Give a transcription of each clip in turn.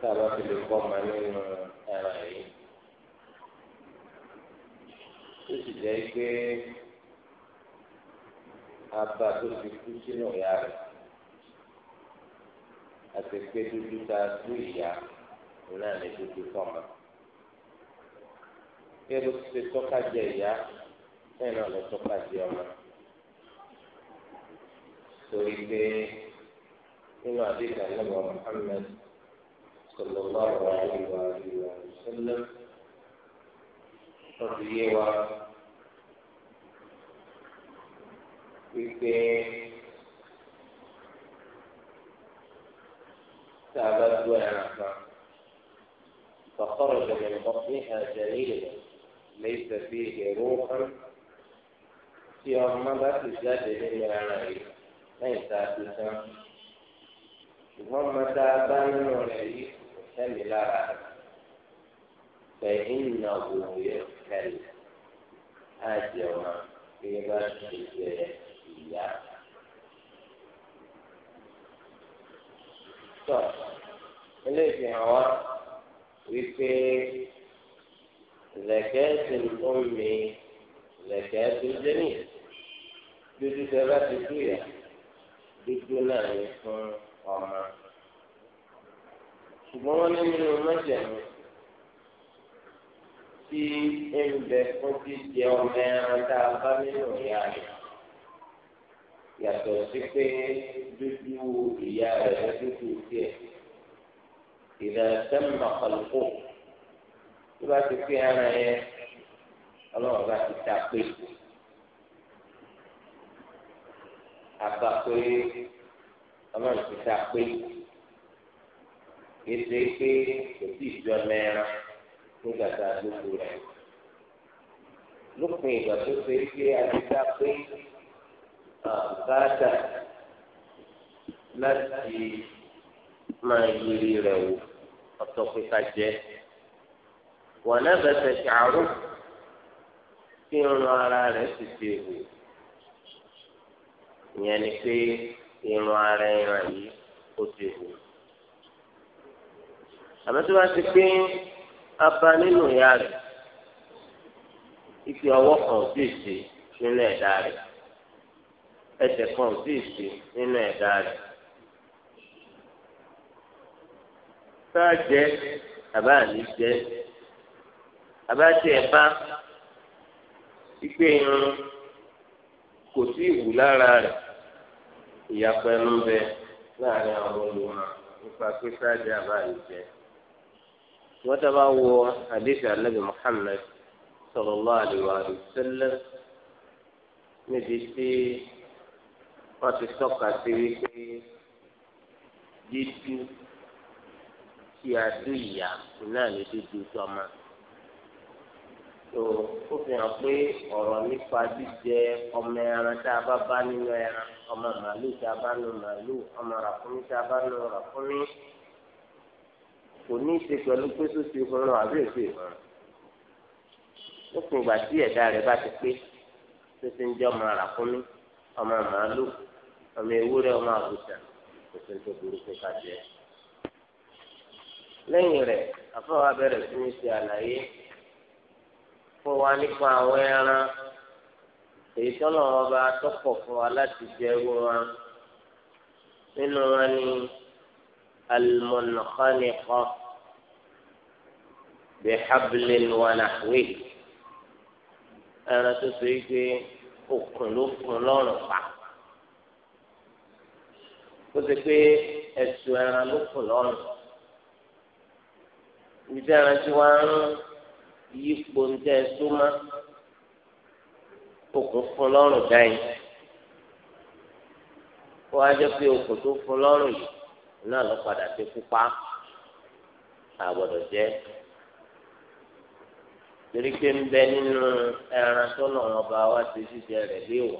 tá a bá fi lè kọ́ ọmọ nínú ẹran yìí tó sì jẹ́ pé aba tó fi kú sínú ìyá rẹ̀ àti pé dúdú ta tú ìyá náà ní dúdú fọ́mọ. bí ẹ ti tọ́ka jẹ ìyá bẹ́ẹ̀ náà lọ tọ́ka jẹ ọmọ. torí pé nínú àdéhùn àlẹ́ wa Muhammad. صلى الله عليه وآله وسلم ترجیح وا کہ تابع دو عرفا فخرج من بطنها جليلا ليس فيه روحا في أرمضة الزاد من العرائي ليس فيه روحا ثم من العرائي sẹ́mi lára rẹ̀ fẹ̀yìn náà wò yẹ kẹlẹ̀ á jẹ ọmọ bí bá ti jẹ ìyá. tọ́ ilé ìfihàn wa wípé lẹ̀kẹ́ ti ń mi lẹ̀kẹ́ tó jẹ́ nìyẹn dúdú tẹ bá ti dúyà dúdú náà ní fún ọmọ ṣùgbọ́n wọ́n ní nínú mẹ́jẹ̀mú tí ń bẹ fún jíjẹ ọmọ ẹran tá a bá nínú ìyá rẹ̀ yàtọ̀ sí pé dúdú ìyá rẹ̀ ló dúdú tiẹ̀ ìlà sẹ́mà kọ̀lùkù tó ti pé ara yẹn ọlọ́run bá ti ta pé àbá pé ọlọ́run ti ta pé kéde pé kò sí ìjọ mẹ́rin nígbà tá a gbogbo rẹ̀. lópin ìgbà tó ṣe pé a ti dá pé àbáàdà láti máa yiri rẹ̀ wò ọ̀tọ̀ pé ká jẹ́. wọ́n náà bẹ̀sẹ̀ ṣàárò tí irun ara rẹ̀ sì ti wò. ìyẹn ni pé irun ara ẹran yìí ó ti wò àmọ́ tó bá ti pé abá nínú ìyá rẹ̀ ife ọwọ́ kan ò tí ì ṣe nínú ẹ̀dá rẹ̀ ẹsẹ̀ kan ò tí ì nínú ẹ̀dá rẹ̀ sáà jẹ́ àbá àní jẹ́ àbá tí ẹ̀ bá ipe irun kò tí ì wù lára rẹ̀ ìyàpẹ̀ ń bẹ láàrin àwọn olùwà nípa pé sáà jẹ́ àbá àní jẹ́ ṣùgbọ́n tá a bá wo àdéhùn anábì Muhammad sallallahu alaihi wa sallam níbi tí wọ́n ti tọ́ka sí wípé dídú tí a dú ìyá náà lè dúdú sọmọ tó ó fi hàn pé ọ̀rọ̀ nípa jíjẹ ọmọ ẹran tá a bá bá nínú ẹran ọmọ màálù tá a bá nù màálù ọmọ ràkúnmí tá a bá nù ràkúnmí. kò ní í ṣe pẹ̀lú pé tó ti rọrùn àbí èsì ìrọ̀rùn lópin ìgbà tí ẹ̀dá rẹ̀ bá ti pé tó ti ń jẹ́ ọmọ ọmọ màálù ọmọ ewúrẹ́ ọmọ kò tó rẹ̀ afọwọ́ bẹ̀rẹ̀ sí ní ṣe àlàyé fún wa nípa àwọn ẹran èyí tọ́pọ̀ fún wa láti wọn nínú المنخنقة بحبل ونحوه أنا تسيكي أخلف لنفع kótópé ẹ̀sùn ẹran ló kù lọ́rùn ibi tí ẹran tí wọ́n ń yípo ń tẹ́ súnmọ́ okùn fún lọ́rùn dáhìn kó wá jẹ́ pé okùn tó fún lọ́rùn yìí náà lọ padà dé pupa àgbọ̀dọ̀ jẹ́ torí pé ń bẹ nínú ẹran tó lọ wọn bá wá ti jíjẹ rẹ̀ léèwọ̀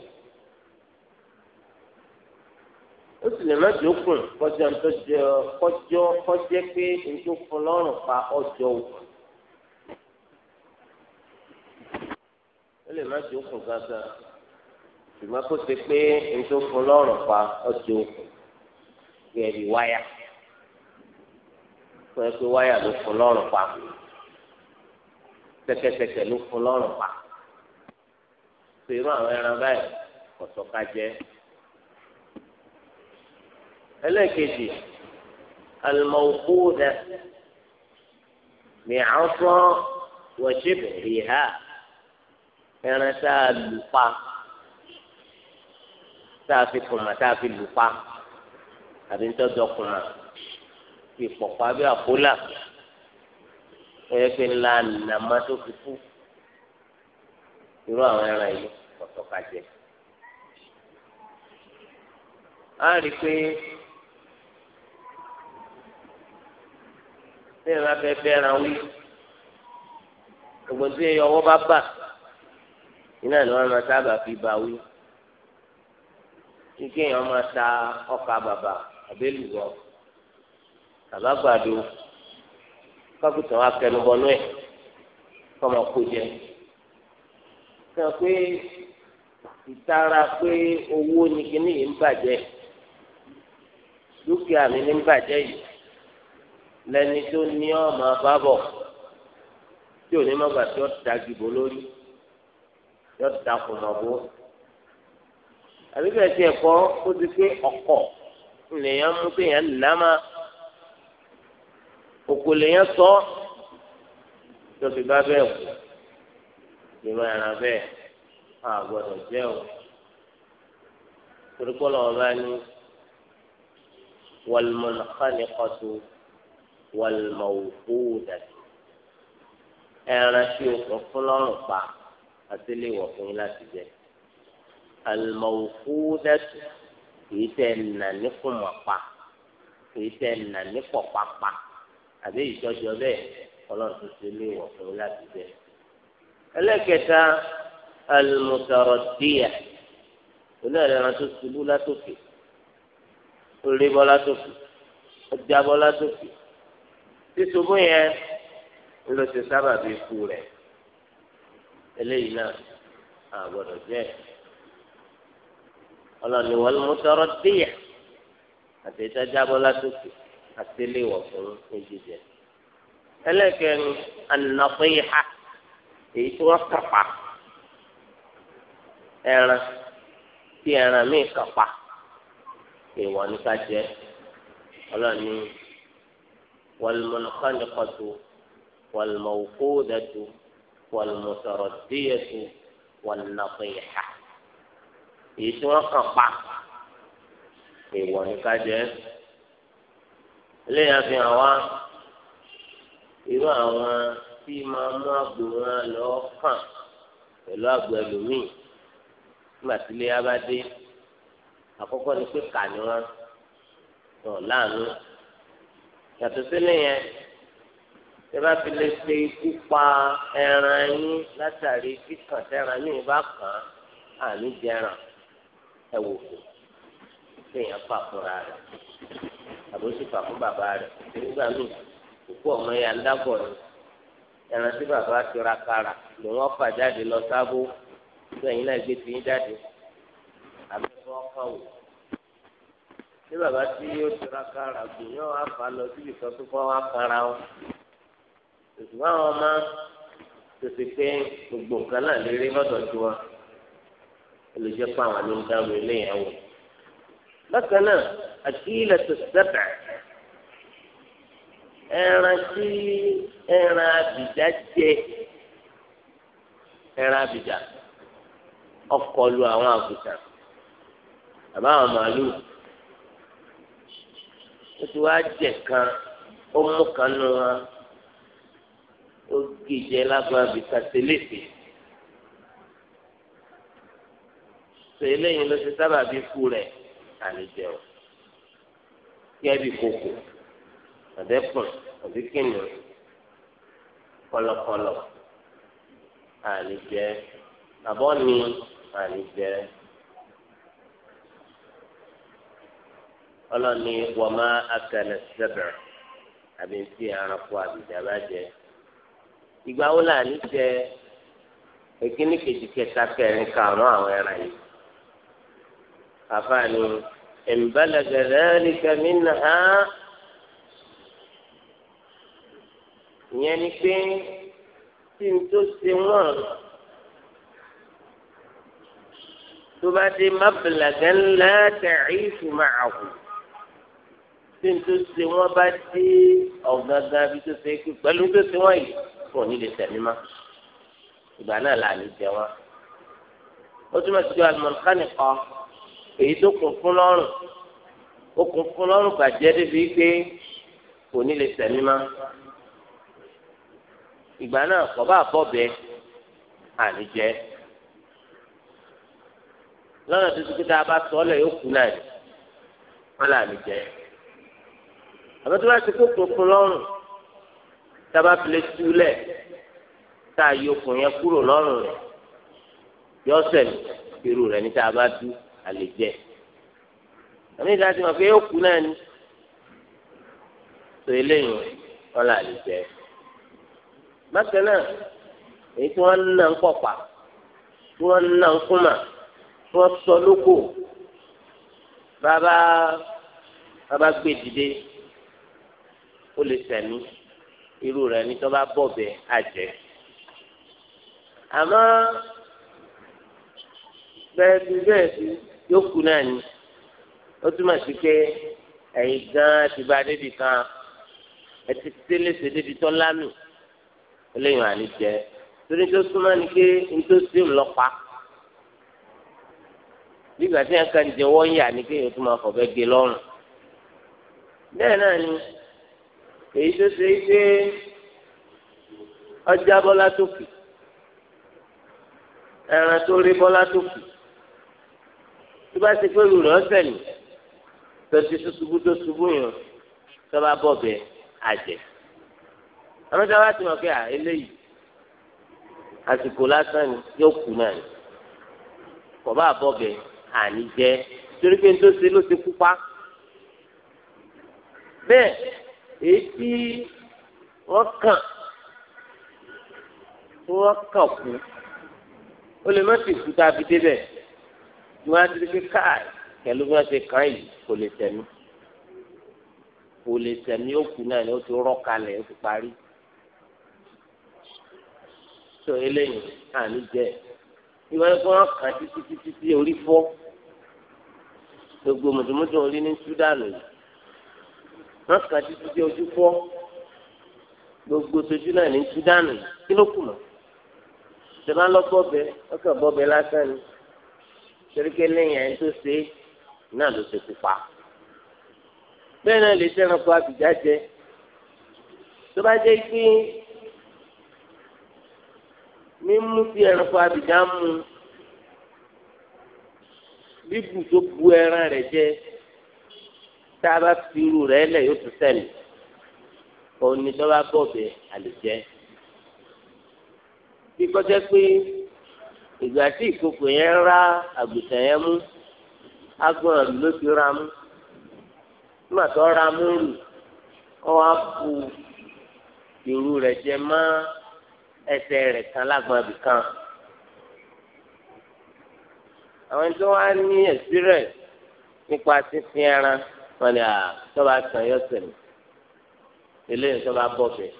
ó sì lè má jókòó kọjá tó jẹ kọjọ kọjẹ pé njó fún lọ́rùn pa ọjọ́ òkun ó lè má jókòó gángan ṣùgbọ́n kó ṣe pé njó fún lọ́rùn pa ọjọ́ òkun gẹ́gẹ́ bí wáyà sọ pé wáyà ló fún lọ́rùn pa tẹ́kẹ́tẹ́kẹ́ ló fún lọ́rùn pa sọ irú àwọn ẹran báyìí kọ̀tọ̀ ká jẹ́ ẹlẹ́ẹ̀kejì alimọ̀kúdà ní àfọ́ wọ̀ṣíbẹ̀ rìhà ẹran tá a lù pa tá a fi kùmà tá a fi lù pa àbí ntọ́jọkùnrin bí pọ̀pọ̀ àbí àpólà ẹ̀ẹ́dẹ́gbẹ́ ńlá nàmá tó fi kú irú àwọn ẹran yìí kọ̀tọ̀ ká jẹ. a rí i pé bí ẹ̀rọ abẹ́ bẹ́ẹ̀ràn wí gbogbo tí ọwọ́ bá bà iná ni wọ́n máa sábà fi bá wí kí kéèyàn máa ta ọkà bàbà àbẹ́lùwọ̀ àbágbàdo kápẹ́tà wa kẹnu bọ́nú ẹ̀ kọ́mọ kó jẹ. sọ pé ìtara pé owó ni kini yìí ń bàjẹ́ dúkìá mi ní ń bàjẹ́ yìí lẹni tó ní ọmọ bábọ̀ tí ò ní mọ̀gbà tí ó da gbìbò lórí yóò da kùmọ̀ bó àbí bẹ́ẹ̀ tiẹ̀ kọ́ ó ti pé ọkọ̀ lèèyàn mú téèyàn lámà òkò lèèyàn sọ tó fi bá bẹ́ẹ̀ wò ìmọ̀ ẹ̀ràn bẹ́ẹ̀ a gbọ́dọ̀ jẹ́ o torí kọ́lọ̀ ọba ni wàlmọ̀nàkánìkọ́tù wàlmọ̀wòkúùdà ẹran tí o kọ fún lọ́rùn pa àti lè wọ̀ fún yín láti jẹ àlùmọ̀wòkúùdà tù kìí tẹ nà ní kùmọ̀ pa kìí tẹ nà ní pọ̀pá pa àbí ìtọ́jọ bẹ́ẹ̀ ọlọ́run tó ṣe lé wọ̀ fún láti jẹ. ẹlẹ́kẹta alùmùtọ̀rọ̀ díyà onídàájọ́ tó ṣubú látòkè oríbọ́ látòkè ọjàbọ́ látòkè ṣíṣubú yẹn ló ti sábà bí ikú rẹ̀ eléyìí náà àgbọ̀dọ̀ jẹ́ ọlọ́ni wọ́n mú tọrọ díyà àti ìtajábọ́ látòkè àti iléèwọ̀ fún ìjíjẹ. ẹlẹ́kẹ̀rin ànàfẹ́yà èyí tí wọ́n kàpá ẹran tí ẹran míì kàpá èèwọ̀ ní ká jẹ ọlọ́ni wàlmọ̀nàkànìkọ̀tù wàlmọ̀wòkóòdàtù wàlmọ̀tọ̀rọ̀díyẹ̀tù wàlnàfẹ́yà èyí tí wọ́n kàn pa èèwọ̀ ní ká jẹ eléyà fi hàn wá irú àwọn tí máa mú àgbò wọn lọ kàn pẹ̀lú àgbò ẹlòmíì nígbà tí iléyà bá dé àkọ́kọ́ ni pé kà ní wọn wọn láàánú yàtọ̀ sílẹ̀ yẹn tẹ bá fi lè ṣe ikú pa ẹran yín látàrí kíkàn tẹran yín bá kàn án àní jẹran. Ewu! wò fò kéèyàn fà fúnra rẹ̀ àbó sì fà fún bàbá rẹ nígbà míì òkú ọmọ yà ń dábọ̀ ni ẹran tí bàbá ti ra kara ló fà jáde lọ sábó tó ẹ̀yin náà gbé jáde àbí wò tí bàbá tí yóò ti ra gbìyànjú lọ síbi kan tó wọn lè jẹ́ pé àwọn ló ń dárò eléyàn wò. bákan náà àkílẹ̀ tó sẹ́bà ẹran tí ẹran abìjà jẹ ẹran abìjà ọkọlù àwọn àgùntàn àbá àwọn màálùú ó ti wá jẹ kan ó mú kan nù wọn ó gé jẹ lágbára bìtà tẹlẹsẹ. sọ eléyìí ló ti sábà bí ikú rẹ̀ àlejò ọ̀ kẹ́bí kòkò ọ̀dẹ́kùn àbí kìnìún kọlọkọlọ àlejò àbọ̀ ni àlejò ọlọ́ni wọ́mọ akẹ́lẹ̀ sẹ́bẹ̀rẹ̀ àbí ti ẹranko àbìjà bá jẹ ìgbà wo là ní jẹ kejì kẹta kẹrin karùnún àwọn ẹran yìí àfààní ìmbálagàdáàlì kàmínà á ìyẹn ni pé tí n tó ṣe wọn tó bá dé mábìlàgà ńlá tẹ̀rí ìfúnmọ́ àwùjọ tí n tó ṣe wọn bá dé ọ̀gángan bí tó ṣe kú pẹ̀lú tó ṣe wọn yìí kò ní lè tẹ̀mí ma ìgbà náà là ní jẹ wọn. ó túmọ̀ sí pé àlùmọ̀nìkánì kan èyí tó kún fún lọ́rùn ó kún fún lọ́rùn bàjẹ́ débi pé kò ní lè sẹ̀mí má ìgbà náà kọ́ bá bọ̀ bẹ́ẹ̀ àní jẹ́ lọ́nà tuntun kí tá a bá sọ ọ́ lẹ̀ yóò kú náà ni wọ́n là ní jẹ́ àbẹ̀tí wọ́n ti kó kún lọ́rùn tá a bá fi lè túlẹ̀ tá a yọ okùn yẹn kúrò lọ́rùn rẹ̀ yọ sẹ̀ irú rẹ̀ ní tá a bá dú àlè jẹ àmì ìdá ti mọ̀ pé ó kú náà ni tó eléyìí wọn là lè jẹ bákan náà èyí tí wọn ń nà ń pọ̀pà tí wọn ń nà ń kúmà tí wọn sọ lóko bàbá bàbá gbé dìde ó lè sẹ̀mí irú rẹ̀ ní tó bá bọ̀bẹ̀ àjẹ́ àmọ́ bẹ́ẹ̀ bí bẹ́ẹ̀ bí yóò kú náà ni ó túmọ̀ sí pé ẹ̀yin gan ti bá débi kan ẹ ti tẹ́lẹ̀ ṣe débi tọ́ lámì eléyìí wà ní jẹ torí tó súnmọ́ ni pé n tó sí ńlọ́pàá nígbà tí wọn kàn jẹ wọ́n yà ni kéèyàn tó máa fọ̀bẹ́ gé lọ́rùn bẹ́ẹ̀ náà ni èyí tó ṣe é pé ọjà bọ́lá tó kù ẹran tó rí bọ́lá tó kù tó bá ti pé lù rẹ̀ ọ̀sẹ̀ nì tó ti ṣubú tó ṣubú yàn tó bá bọ̀ bẹ́ àjẹ́ àwọn tí a bá ti mọ̀ pé à eléyìí àsìkò lásán ni yóò kú náà ni kò bá bọ̀ bẹ́ àní jẹ́ torí pé tó ṣe ló ti kú pa bẹ́ẹ̀ èyí tí wọ́n kàn tí wọ́n kàn kú ó lè má ti kú tá a fi débẹ̀ ni wọ́n á ti fi káà pẹ̀lú bí wọ́n ṣe kàn yìí kò lè tẹ̀mí kò lè tẹ̀mí òkú náà ni ó ti rọ́ kalẹ̀ ó ti parí. sọ eléyìí àní jẹ ìwọ ni kí wọ́n kàn títí títí tí orí fọ́ gbogbo mùtùmùtù orí ní Sudan yìí wọ́n kàn títí tí ojú fọ́ gbogbo sojú náà ní Sudan yìí kí ló kù mọ́ ìjọba lọ bọ́bẹ ọkàn bọ́bẹ lásán ni torí pé lẹ́yìn ẹni tó ṣe náà ló ṣe pupa bẹ́ẹ̀ náà lè sẹ́ranko àbíjá jẹ tó bá jẹ́ pé mímú tí ẹranko àbíjá mú bíbù tó bu ẹran rẹ̀ jẹ tá a bá fi irú rẹ̀ lẹ̀ yóò tún sẹ́mi òun ni tó bá bọ̀ bẹ́ẹ̀ àlè jẹ́ bí kọjá pé ìgbà tí ìkòkò yẹn rá àgùntàn yẹn mú agbọ̀n ló ti ra mú nígbà tó ra mú rù ó wá bu ìrù rẹ̀ jẹ mọ́ ẹsẹ̀ rẹ̀ kan lágbọ̀n ibìkan àwọn tó wá ní experience nípa sísìn ẹran wọn ni àtọ́ba tàn yọ sẹ̀mí eléyìí tọ́ba bọ̀bẹ̀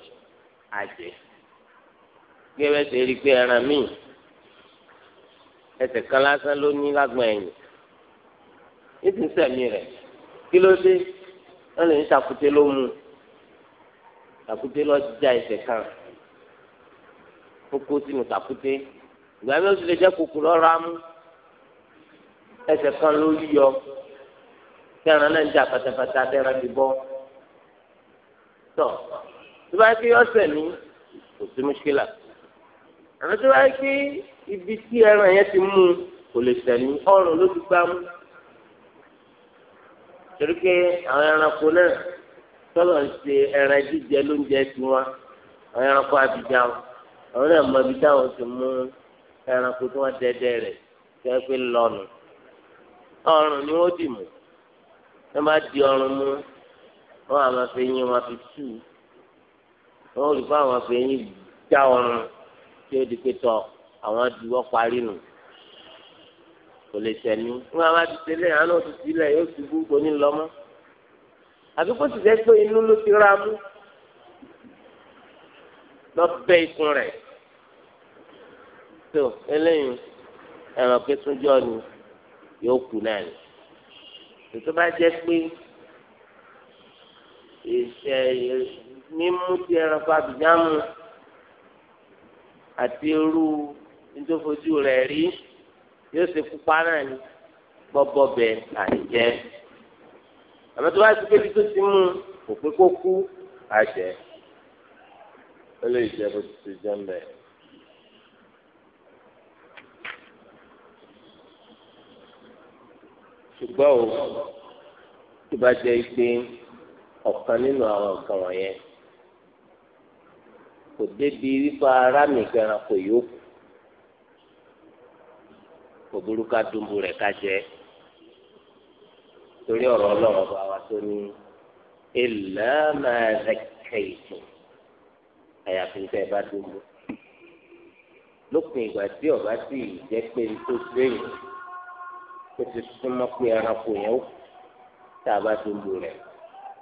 àjẹ́ gbé bẹ́sẹ̀ rí i pé ẹran míì ẹsẹ̀ kan lásán ló ní lágbọ̀n ẹ̀yìn ètò ìsẹ̀mí rẹ̀ kí ló dé wọ́n lè ní sàkúté ló mú sàkúté lọ já ẹsẹ̀ kan ó kó sínú sàkúté ìgbà mi ó sì lè jẹ́ kókó lọ́ra mú ẹsẹ̀ kan ló yíyọ kí ẹran náà ń jà pátápátá dẹ́ran ti bọ́ tọ́ tí wọ́n á kí ọ̀sẹ̀ ní kò sí mùṣkílà àmọ́ tí wọ́n á kí ibi tí ẹran yẹn ti mú kò lè sẹ̀lẹ̀ ọrùn ló ti gbá mú torí pé àwọn ẹranko náà tọ́lọ̀ ń ṣe ẹran jíjẹ lóúnjẹ tiwọn àwọn ẹranko àbíjà àwọn náà mọ ibi táwọn ti mú ẹranko tí wọ́n dẹ́dẹ́ rẹ̀ tí wọ́n pè ọrùn ni wọ́n dì mú wọ́n bá di ọrùn mú wọ́n àmọ́ fi yín wọ́n fi tù wọ́n rí fún àwọn fi yín já ọrùn tí ó di pé tọ́ àwọn adiwọ́ parí nù kò lè sẹ́ni wọn àwọn adìsẹ́ lẹ̀ àwọn náà ti sílẹ̀ yóò ti bú kò ní lọ́mọ́ àbí kó sì fẹ́ pé inú ló ti ra mú lọ́bẹ̀ ikùn rẹ̀ tó eléyìí ẹ̀rọ pé túnjọ́ ni yóò kú náà ni tètè bá jẹ́ pé ìṣẹ̀ mímú ti ẹranko àbíjámu àti irú nítorí fojú rẹ̀ rí yóò ṣe pupa náà ni bọ́bọ́ bẹ àìjẹ́ àmọ́ tó bá ti pébi tó ti mú kò pé kó kú àjẹ́ ó lè jẹ́ bó ti ṣe jẹ́ mbẹ́. ṣùgbọ́n o tó bá jẹ́ pé ọ̀kan nínú àwọn nǹkan wọ̀nyẹn kò débi wípé ara mi gan-an kò yókù kò burú ká dùnbù rẹ̀ ká jẹ torí ọ̀rọ̀ ọlọ́run bá wa tó ní illa ma zakkaytum àyàfi tẹ́ ẹ bá dùnbù lópin ìgbà tí ọba sì jẹ́ pé tó gbẹ̀yìn ó ti súnmọ́ pé ẹranko yẹn ó tá a bá dùnbù rẹ̀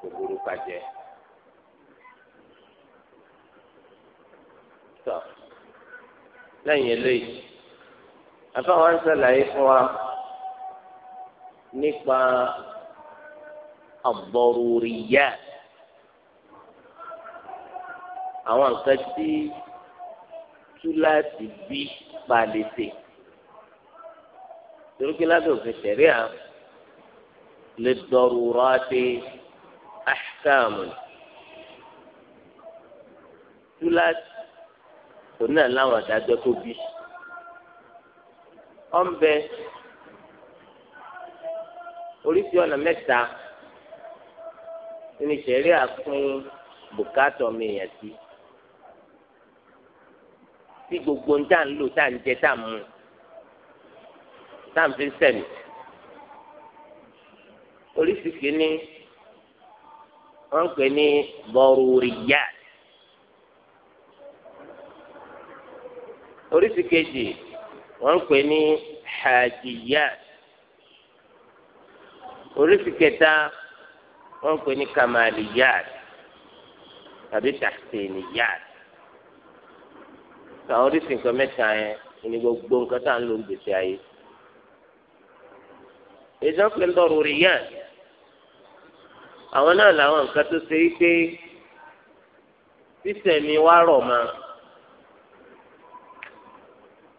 kò ká jẹ. lẹ́yìn eléyìí àfáwọn ń ṣàlàyé fún wa nípa àbọrùrìyà àwọn nǹkan tí túláàsì bí palẹ̀tẹ̀ torókè lábẹ́ òfin ṣẹ̀ríà lè dọ̀rù rọ́ọ̀tì àṣìkàmù túláàsì òun náà láwọn àdájọ́ tó bí ọ̀nbẹ oríṣi ọ̀nà mẹ́ta ní sẹ̀rí àpín bùkátọ̀ mi yẹn sí tí gbogbo ń tà ń lò tà ń jẹ tà ń mu tà ń fi sẹ̀mí oríṣi kìíní pè ní bọ̀rùrìyà oríṣi kejì. wọ́n ń pè ní hajiyat oríṣi kẹta wọ́n pè ní kamaliyat tàbí tahsiniyat àwọn oríṣi nǹkan mẹ́ta yẹn ní gbogbo nǹkan tá à ń lò ń gbèsè ayé èdè ń àwọn náà làwọn nǹkan tó ṣe é pé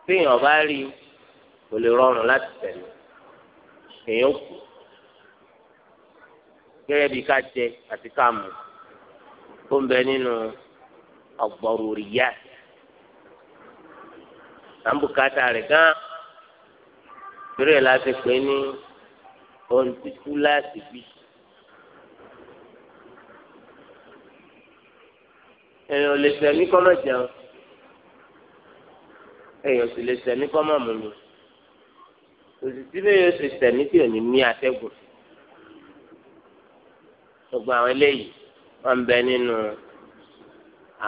téèyàn bá rí kò lè rọrùn láti tẹ̀lé èèyàn kù gẹ́gẹ́ bí ká jẹ àti ká mu tó ń bẹ nínú ọ̀gbọ̀rù rìyà àǹbùkátà rẹ̀ gan torí láti pè ní ohun títú láti bí. èèyàn ò lè tẹ̀lé kọ́mọ̀ jẹun èèyàn sì lè sẹ̀mí kọ́ máa mú mi òsì tí bẹ́ẹ̀ ṣe sẹ̀mí tí ò ní mí atẹ́gùn gbogbo àwọn eléyìí wọ́n ń bẹ nínú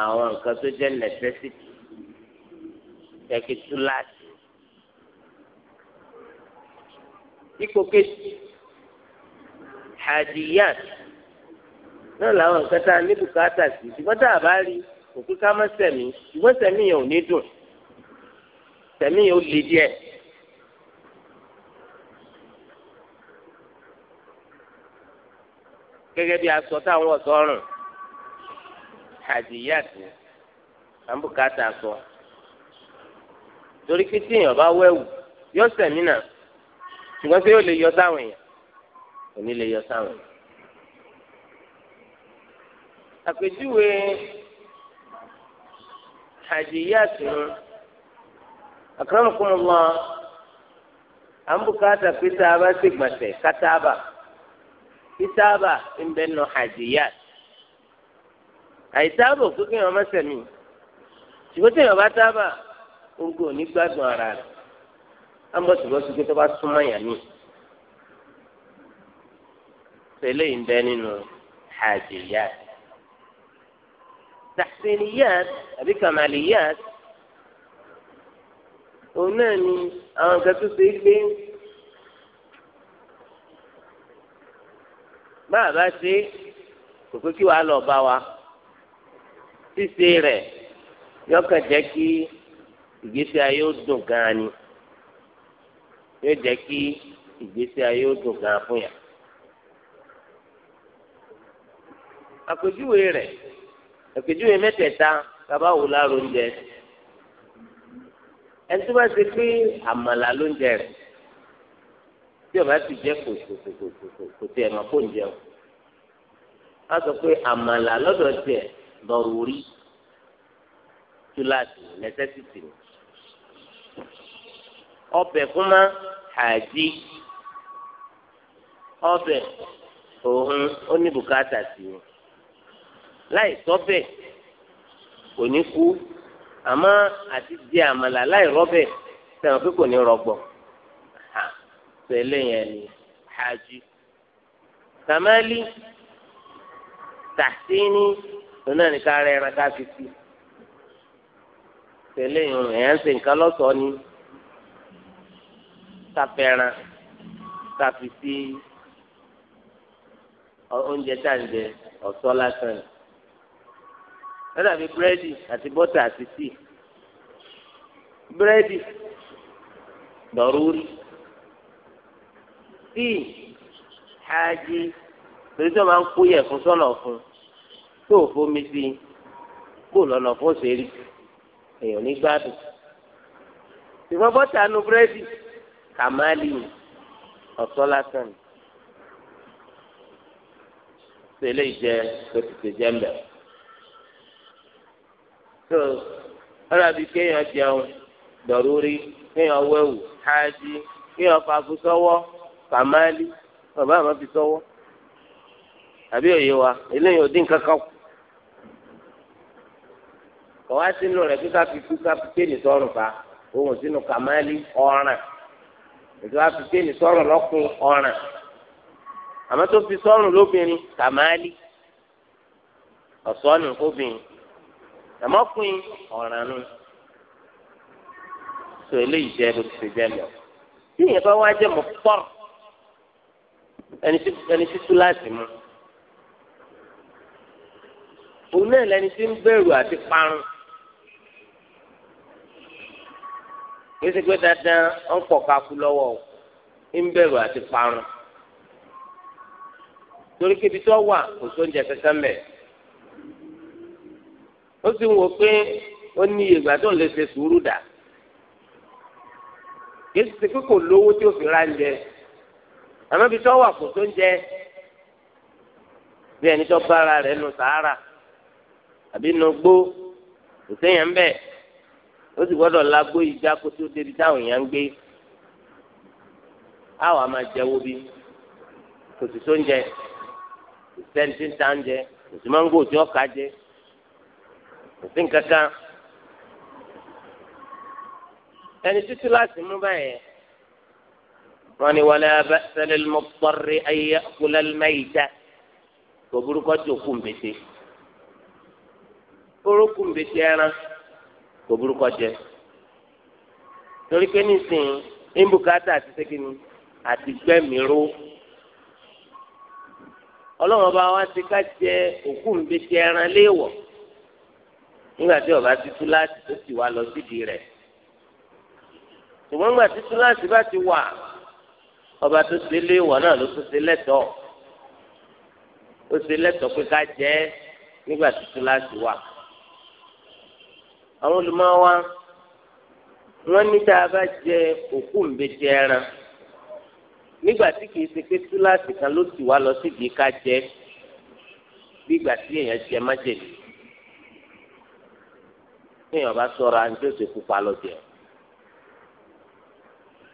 àwọn nǹkan tó jẹ́ necessity kẹ́kẹ́ túláàsì ipò kejì hadiyat náà làwọn nǹkan tá a ní bùkátà sí ṣùgbọ́n tá a bá rí òkú ká má sẹ̀mí ṣùgbọ́n sẹ̀mí yẹn ò ní dùn tẹ̀mí yóò le díẹ̀. gẹ́gẹ́ bí aṣọ táwọn ọ̀sọ́rùn àdìyàtì àbùkátà sọ torí pé tí bá wẹ̀wù yọ sẹ̀mí náà ṣùgbọ́n tí yóò lè yọ sáwọn èèyàn kò lè yọ sáwọn èèyàn. àpèjúwe àdìyàtì ń akramakumullah à ń bùkátà pété abá ṣègbàtẹ̀ kátàbà kítàbà ń bẹ nù hajiyat àìtàbà òkú kí wọn má sẹ̀mí ṣùgbọ́n tí wọn bá tábà ogun ò ní gbádùn ara rẹ̀ á ń bọ̀ ṣùgbọ́n ṣùgbọ́n tó bá súnmọ́ yàn ní. hajiyat tahsiniyat àbí kamaliyat òun náà ni àwọn nǹkan tó ṣe é gbé bá a bá ṣe kò pé kí wàá lọ bá wa ṣíṣe rẹ̀ yọkàn jẹ́ kí ìgbésí ayé ó dùn gan ni yóò jẹ́ kí ìgbésí ayé ó dùn gan fún yà. àpèjúwe rẹ̀ àpèjúwe mẹ́tẹ̀ẹ̀ta bàbá wò láròóńjẹ sí ẹni tó bá ti pín àmàlà ló ń jẹ rẹ tí o bá ti jẹ kò kò kò kò kò kò tiẹ̀ mọ̀ kó ń jẹun a sọ pé àmàlà lọ́dọ̀ tiẹ̀ lọ́rùrí túláàtì nẹ́sẹ́sìtì ni ọbẹ̀ kúmá hàjí ọbẹ̀ òun oníbùkátà sí i láì sọ́bẹ̀ kò ní kú àmọ́ àti jẹ àmàlà láì rọ́bẹ̀ sẹ́wọ̀n pé kò ní rọgbọ̀ sọ eléyẹn ni hajj kàmáàlì tàṣíní lónà ní ká rẹ ẹran ká fi sí sọ eléyẹn ẹ̀yà ń ṣe nǹkan lọ́sọ̀ọ́ ni káfẹ́ràn ká fi sí oúnjẹ tá à lásán yìí ó dàbí búrẹ́dì àti bọ́tà àti tíì búrẹ́dì dọ̀rúurì tíì hájì torí tó máa ń kó yẹ̀ fún sọ́nà fún tó o fomi sí i kó lọ́nà fún sẹ́rí èèyàn ní gbádùn ṣùgbọ́n bọ́tà nu búrẹ́dì kàmáàlì ọ̀tọ̀ lásán ni tẹ́lẹ̀ jẹ́ tó ti jẹ́ mbẹ́rẹ́. tó ọlọ́bí kéèyàn jẹun dọ̀rúrí kéèyàn wẹ̀wù hájí kéèyàn fagbó sọ́wọ́ kàmáálí bàbá àmọ́ fi sọ́wọ́ àbí òye wa eléyìí ò kankan kù kọ̀wá sínú rẹ̀ kíkà fi kíkà fi kéènì sọ̀rùn fa ohun sínú kàmáálí ọ̀ràn ètò àfikéènì sọ̀rùn lọ́kùn ọ̀ràn àmọ́ tó fi sọ̀rùn lóbìnrin kàmáálí ọ̀sọ́nù obìnrin àmọ́ fún yín ọ̀ràn nù sọ eléyìí jẹ́ ló ti ṣe jẹ́ lọ tí ìyẹn bá wá jẹ́ mọ̀ pọ́r ẹni títú láti mú òun náà lẹni tí ń bẹ̀rù àti parun kìí ṣe pé dandan ń pọ̀ kakú lọ́wọ́ o ń bẹ̀rù àti parun torí kébi tó wà kò sóúnjẹ kankan mẹ́ẹ̀ ó sì ń wò pé ó ní ìgbà tó ń lè ṣe sùúrù dà kì í ṣe pé kò lówó tí ó fi ra ń jẹ àmọ́ ibi tó wà kò tó ń jẹ bí ẹni tó bá ara rẹ̀ nu sàárà àbí nu gbó kò séèyàn ń bẹ̀ ó sì gbọ́dọ̀ lágbó ìjà kó tó débi táwọn èèyàn ń gbé àwọn àmà jẹ́wó bí kò sì tó ń jẹ kò sẹ́ni tí ń ta ń jẹ kò sì máa ń gbó tí ó jẹ òsín kankan ẹni títí láti mú báyẹn wọn ni wọlé abẹ sẹlẹ mọpọrẹ ayé kúlẹ mẹyìíta kò burúkọ tó kú mbèsè orókù mbèsè ẹran kò burúkọ jẹ torí pé nísìnyí ìbùkátà àti sẹkìnì àti gbẹmìíró ọlọ́run ọba wa ti ká jẹ òkú mbèsè ẹran léèwọ̀ nígbà tí ọba títú láti tó ti wá lọ sídìí rẹ̀ ṣùgbọ́n nígbà títú láti bá ti wà ọba tó ṣe lé ìwọ náà ló tó ṣe lẹ́tọ̀ọ́ ó ṣe lẹ́tọ̀ọ́ pé ká jẹ́ nígbà títú láti wà àwọn olùmọ̀wá wọ́n ní tá a bá jẹ òkú ńbẹ́jẹ ẹran nígbà tí kìí ṣe pé túláàsì kan ló ti wá lọ sídìí ká jẹ bí ìgbà tí èèyàn jẹ májèlé téèyàn bá sọra ní tó ṣe pupa lọ́jọ́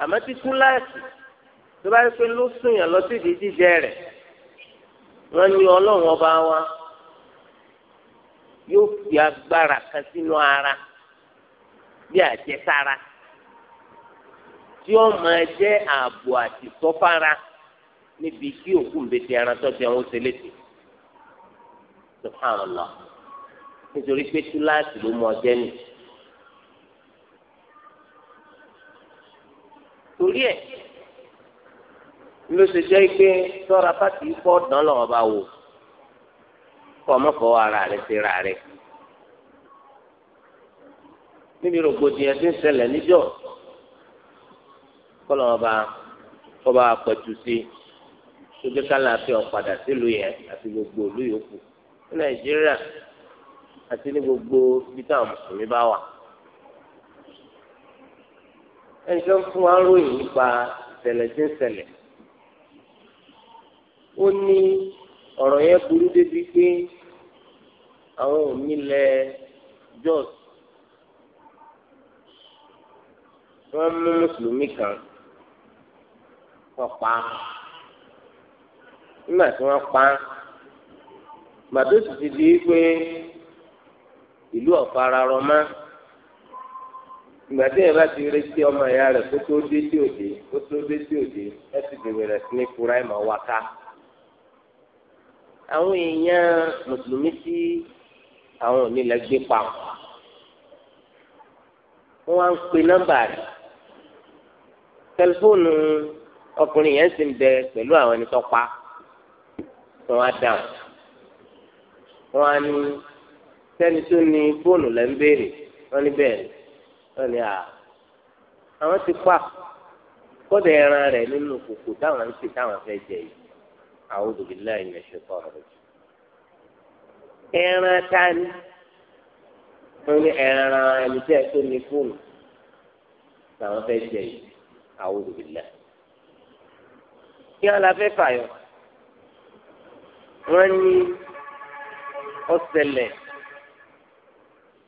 àmọ́ tí kúláàsì tó bá yẹ pé ló sùn yàn lọ sí ìdí jíjẹ rẹ̀ wọ́n ní ọlọ́run ọba wa yóò fi agbára kan sínú ara bí àjẹsára tí ó máa jẹ́ ààbò àti sọ́fara níbi kí òkú ń bẹ ti ẹran tó jẹun ó ṣe léṣe subhanallah nítorí pé túláàsì ló mọ ọjẹ́ nì. torí ẹ̀ ló ṣe jẹ́ pé sọ́ra pàtì pọ̀ dán lọ́wọ́ bá wò kọ́ ọmọkọ̀ọ́ ara rẹ̀ ṣe ra rẹ̀. níbi rògbòdìyàn tí ń ṣẹlẹ̀ níjọ́ kọ́ lọ́wọ́ bá kọ́ bá pẹ̀tù sí i tó gbé kálá fi ọ̀ padà sílùú yẹn àti gbogbo ìlú yòókù ní nàìjíríà àti ní gbogbo ibi táwọn mùsùlùmí bá wà. ẹnì kan fún wa ròyìn nípa ìṣẹ̀lẹ̀ tí ń ṣẹlẹ̀. ó ní ọ̀rọ̀ yẹn burú débi pé àwọn òmìnilẹ̀ Jos wọ́n mú mùsùlùmí kan wọ́n pa á nígbà tí wọ́n pa á màdó sì ti di pé ìlú ọ̀fararọ mọ́ ìgbà tí ẹ bá ti retí ọmọ ìyá rẹ̀ kó tó dé tí òde kó tó dé tí òde ẹ ti bẹ̀rẹ̀ sí ní fura ẹ̀ máa wá ká àwọn èèyàn mùsùlùmí tí àwọn ò ní lè gbé papọ̀ wọn wá ń pe nọ́mbà rẹ̀ tẹlifóònù ọkùnrin yẹn sì ń bẹ pẹ̀lú àwọn ẹni tó pa wọn á dáhùn wọn á ní sẹ́ni tó ní fóònù lẹ́ ń béèrè wọ́n ní bẹ́ẹ̀ ni wọ́n ní à àwọn ti pa kọ́dà ẹran rẹ̀ nínú kòkò táwọn ń sè táwọn fẹ́ jẹ yìí àwọn òdòdó ẹ̀yìn ẹ̀ṣẹ̀ kọ́ ọ̀rọ̀ jù. ẹran tani wọ́n ní ẹran ẹni tẹ́ tó ní fóònù táwọn fẹ́ jẹ yìí àwọn òdòdó kí wọn la fẹ́ fàyọ wọ́n ní ọ̀sẹ̀lẹ̀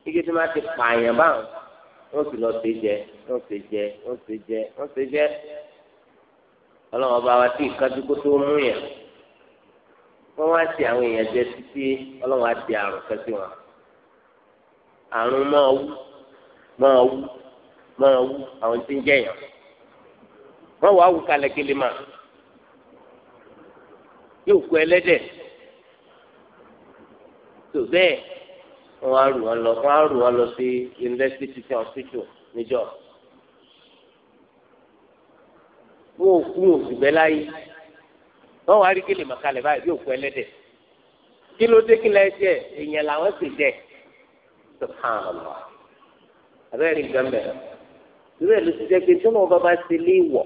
igi tí máa ti pààyàn báwọn wọ́n sì lọ sí jẹ wọ́n sì jẹ wọ́n sì jẹ wọ́n sì jẹ ọlọ́run ọba wa tí ìkájú kó tó mú yẹn wọ́n wá ti àwọn èèyàn jẹ títí ọlọ́run á di àrùn kẹsí wọn àrùn máa wú máa wú máa wú àwọn tí ń jẹyàn wọ́n wàá wú kalẹ̀ kele mà yóò kú ẹlẹ́dẹ̀ tó bẹ́ẹ̀ wọ́n á rù wọ́n lọ wọ́n á rù wọ́n lọ sí yunifásitì títí hospital níjọ́ wọ́n ò kú òsì bẹ́ẹ̀ láyé wọ́n wá rí kéde màkàlẹ̀ báyìí bí òkú ẹlẹ́dẹ̀ kí ló dé kí lẹ́yìn jẹ́ èèyàn làwọn sì jẹ́ subhanallah abẹ́rẹ́ nǹkan bẹ̀rẹ̀ irú ẹ̀ ló ti jẹ́ pé tí wọ́n bá bá ti lé ìwọ̀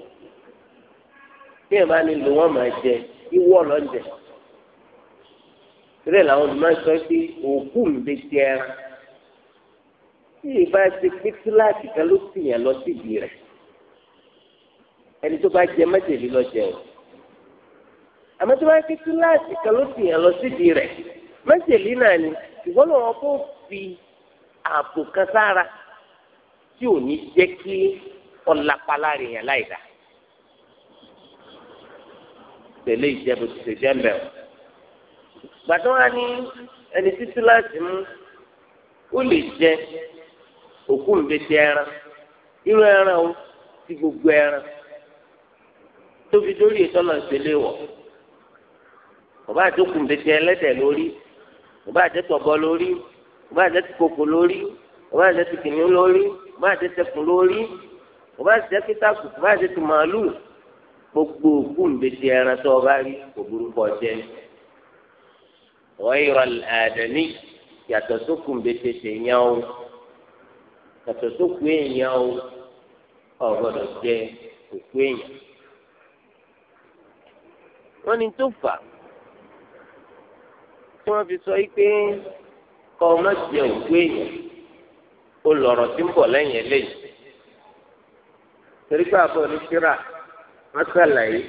tí ẹ̀ bá ní lò wọ́n máa jẹ ìwọ̀ lọ́njẹ̀ sílẹ̀ làwọn olùmọ̀ọ́sọ pé òkú ńbẹ ti ẹran tí ìbá ti pété láti kan ló sì yàn lọ síbi rẹ̀ ẹni tó bá jẹ mẹ́tẹ̀lẹ́ lọ jẹ o àmọ́ tó bá pété láti kan ló sì yàn lọ síbi rẹ̀ mẹ́tẹ̀lẹ́ náà ni ìwọ́n lọ́wọ́ kó fi ààbò kan sára tí ò ní jẹ́ kí ọ̀làpàlà rẹ̀ yàn láì dá tẹ̀lé ìjẹ́bù ti ṣe jẹ́ mbẹ́ gbàtọ́ wa ní ẹni títí láti mú ó lè jẹ òkú nbẹ̀tẹ̀ ẹran irú ẹran o ti gbogbo ẹran tóbi dórí ìtọ́nà ìṣẹ̀lẹ̀ wọ̀ bàbá àjọkù nbẹ̀tẹ̀ ẹlẹ́dẹ̀ lórí bàbá àjẹtọ̀bọ lórí bàbá àjẹtìkòkò lórí bàbá àjẹtìkìnìún lórí bàbá àjẹtẹkùn lórí bàbá àjẹtìkìtàkù bàbá àjẹtìmàlù gbogbo òkú nbẹ̀tẹ̀ ẹran tó o bá rí kò burúkọ jẹ́ ní. غير àdání yàtọ̀ sókùn bẹ́tẹ̀tẹ̀ yẹn o yàtọ̀ sókùn èèyàn o ọ̀gbọ́dọ̀ jẹ òkú èèyàn. wọ́n ní tó fà tí wọ́n fi sọ pé kọ́ ọ má jẹ òkú èèyàn ó lọ̀rọ̀ tí ń bọ̀ lẹ́yìn eléyìí torí pé àbọ̀ ní kíra wọ́n sàlàyé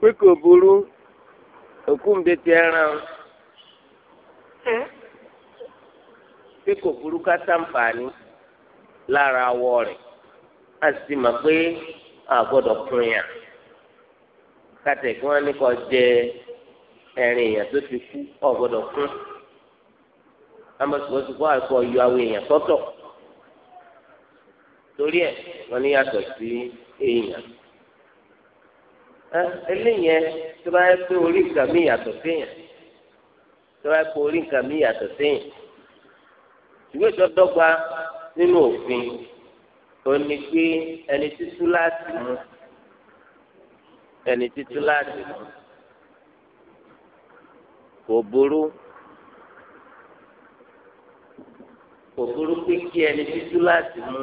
pé kò burú òkú ń betí ẹran tí kò burú ká sàǹfààní lára awọ rẹ̀ a sì mọ̀ pé a gbọ́dọ̀ pín yàn kàtẹ kí wọn ní kọ jẹ ẹrin èèyàn tó ti kú ọ gbọ́dọ̀ kún amọ̀sùwọ́sù kọ́ àkọ́ yọ àwọn èèyàn sọ́tọ̀ torí ẹ̀ wọ́n ní yàtọ̀ sí èèyàn ẹ eléyẹn tó bá yẹ pé orí nǹkan mi yàtọ̀ séèyàn tó bá yẹ pé orí nǹkan mi yàtọ̀ séèyàn ìwé ìjọdọ́gba nínú òfin tó ní pé ẹni títú láti mú ẹni títú láti mú kò burú kò burú pé kí ẹni títú láti mú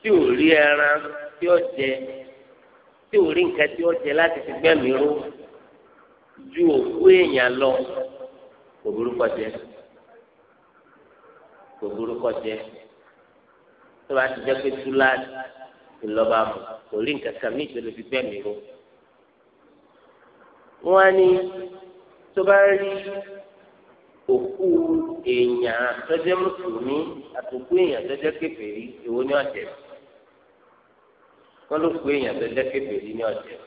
tí ò rí ẹran tí ó jẹ tí ò rí nǹkan tí ó jẹ láti fi gbẹ́mìí ró ju òkú èèyàn lọ kò burúkọ jẹ kò burúkọ jẹ tó bá ti jẹ pé túláàdì ìlọba mu kò rí nǹkan kan ní ìtòlè fi gbẹ́mìí ró wọn á ní tó bá rí òkú èèyàn tó jẹ́ mùsùlùmí àtòkú èèyàn tó jẹ́ kèfèrí èwo ni ọ̀jẹ̀ sí wọn ló pé èèyàn tó jẹ́ kékeré ní ọ̀jẹ̀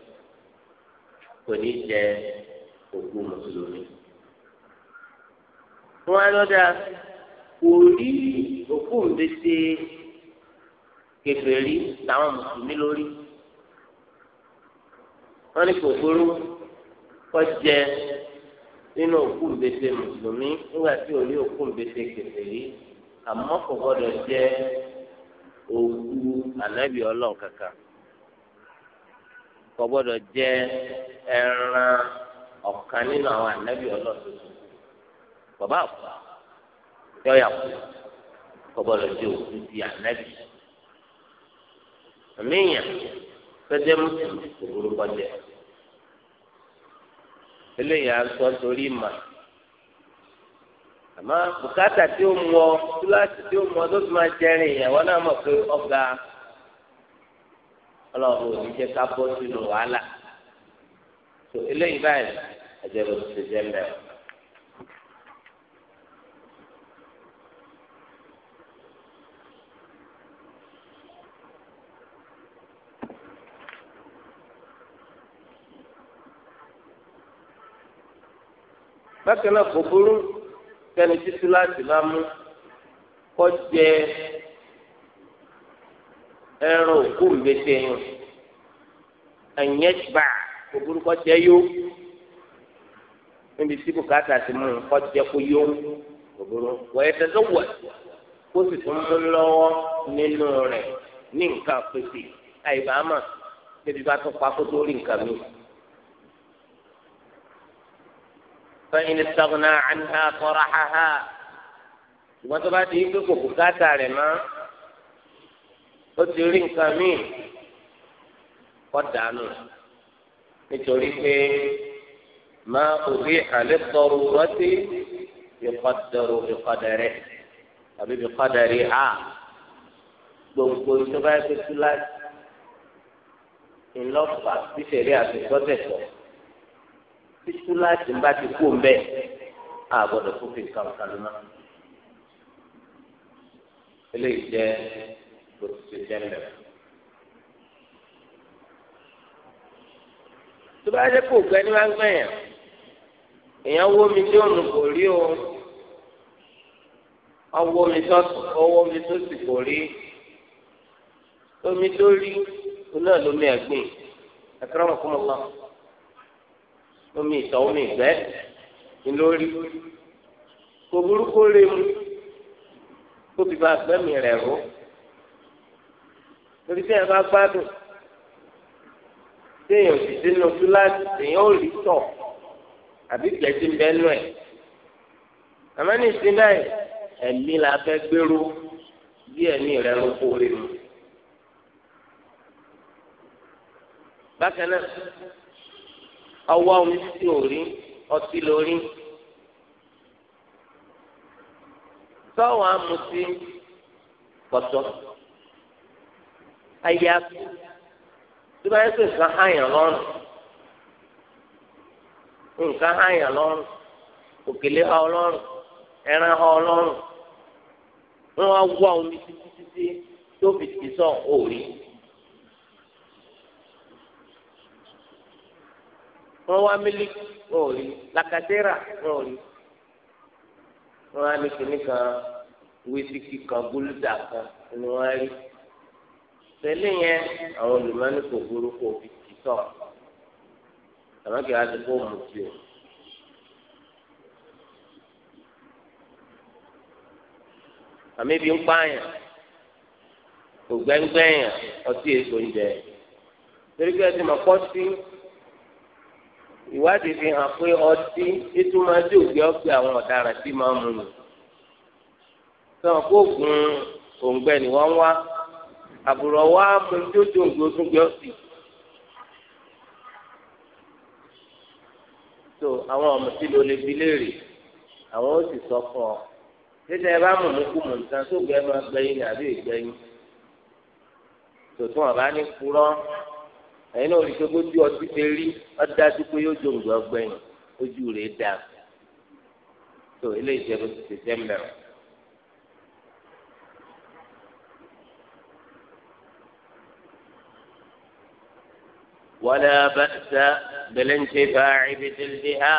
kò ní jẹ òkú mùsùlùmí. wọn á lọ́dà kò rí òkú mbese kékeré làwọn mùsùlùmí lórí wọn ní kòkòrò kọ́ jẹ nínú òkú mbese mùsùlùmí nígbà tí ò rí òkú mbese kékeré àmọ́ kò gbọ́dọ̀ jẹ òkú ànábì ọlọ́ọ̀ kankan. kò gbọ́dọ̀ jẹ ẹran ọ̀kan nínú àwọn ànábì ọlọ́sùn bàbá àpò yọ̀yà kù kò jẹ òkú ti ànábì àmìyàn fẹjẹ mùsùlùmí kò burú kọjá eléyìí sọ torí mà àmọ́ bùkátà tí ó mú ọ kíláàsì tí ó mú ọ tó fi máa jẹrin ìyàwó náà pé ọlọ́run ò ní jẹ́ ká bọ́ sínú wàhálà tó eléyìí báyìí àjẹbọ ti jẹ́ mẹ́rin. bákan náà kò burú kẹni títí láti máa mú kọjẹ ẹran òkú mbese yìí ẹnyẹtìbà òbúrúkọ jẹ yó níbi tí bùkátà ti mú kọ jẹ kó yó òbúrú wọ́n yẹ tẹ́tẹ́ wọ̀ kó sì tún mú lọ́wọ́ nínú rẹ̀ ní nǹkan pèsè àìbámà níbi bá tún pa kó tó rí nǹkan mi. فإن استغنى عنها طرحها وتبعد يقول بكاتا لما ó ti rí nǹkan míì kọ́dánù nítorí pé máa òbí àlẹ́ tọrọ rọ́tí ìkọ́dọ̀rọ̀ ìkọ́dẹ̀rẹ́ tàbí ìkọ́dẹ̀rẹ́ ha gbogbo ìjọba ẹgbẹ́ tó láti ńlọ́pàá bíṣẹ̀rí àti ìgbọ́tẹ̀tọ̀ títú láti ń bá ti kú mbẹ́ àgbọ̀dọ̀ fún fi kàwé kàlùmá. eléyìí jẹ́ bó ti ṣe jẹ́ mẹ́rin. tó bá dé kó gbẹ ní wá gbẹ̀yàn èèyàn wó mi tí òun kò rí o ọwọ́ mi tó ọwọ́ mi tó sì kò rí omi tó rí oná lómi ẹ̀gbìn ẹ̀kọ́rọ́ mọ̀ fún ọkọ omi ìtọ̀ omi ìgbẹ́ ńlórí kò burúkú rè mu kó fi bá gbẹ́mì rẹ̀ rú torí sẹ́yìn bá gbádùn sẹ́yìn òsì sínú kíláàsì sẹ́yìn ó rí tọ̀ àbí gbẹ̀sí ń bẹ́ẹ̀ nù ẹ̀ àmọ́ ní ìsìn náà ẹ̀mí la fẹ́ gbèrú bí ẹ̀mí rẹ̀ ló kórè mu. bákan náà ọwọ́ omi títí òrí ọtí lórí sọ́wọ́n amutí pọ̀tọ́ àyàfi tó bá yẹ kó nǹkan hàyàn lọ́rùn nǹkan hàyàn lọ́rùn òkèlè ha ọlọ́rùn ẹran ha ọlọ́rùn wọn wá wá omi títí títí tó fi tì sọ òòrì wọn wá mílíkì òòrì làkàtẹ́rà òòrì wọn wá ní kìnnìkan wíṣíkì kan gúlúdà kan ni wọn rí. tẹ́lẹ̀ yẹn àwọn olùmọ́ni kò burú kò fi tì tọ̀ o. àmì ibi ń pààyàn kò gbẹ́ngbẹ́yàn ọtí èso ń jẹ torí pé ẹtì mọ̀ pọ́ sí ìwádìí fi hàn pé ọtí ìtumọ̀ àwọn ọ̀daràn tí máa ń mu nù. sọ̀rọ̀ àbùrọ wa mọjọjọ ògbó tún gbé ọsì. tó àwọn ọmọ tí ló lè bi léèrè àwọn ó sì sọ fún ọ títí ẹ bá mọ̀ mú kú mọ̀ nǹkan tó gbẹ máa gbẹ̀yìn àbí ìgbẹ̀yìn tòtún ọba ní kúrọ́ ẹ̀yin náà rí i pé ọtí ti rí ọdájú pé yóò jòǹgbọ́ gbẹ̀yìn ojú rẹ̀ dà tó ilé ìjẹun ti ti jẹ́ mẹ́rin. ولا بأس بالانتفاع بجلدها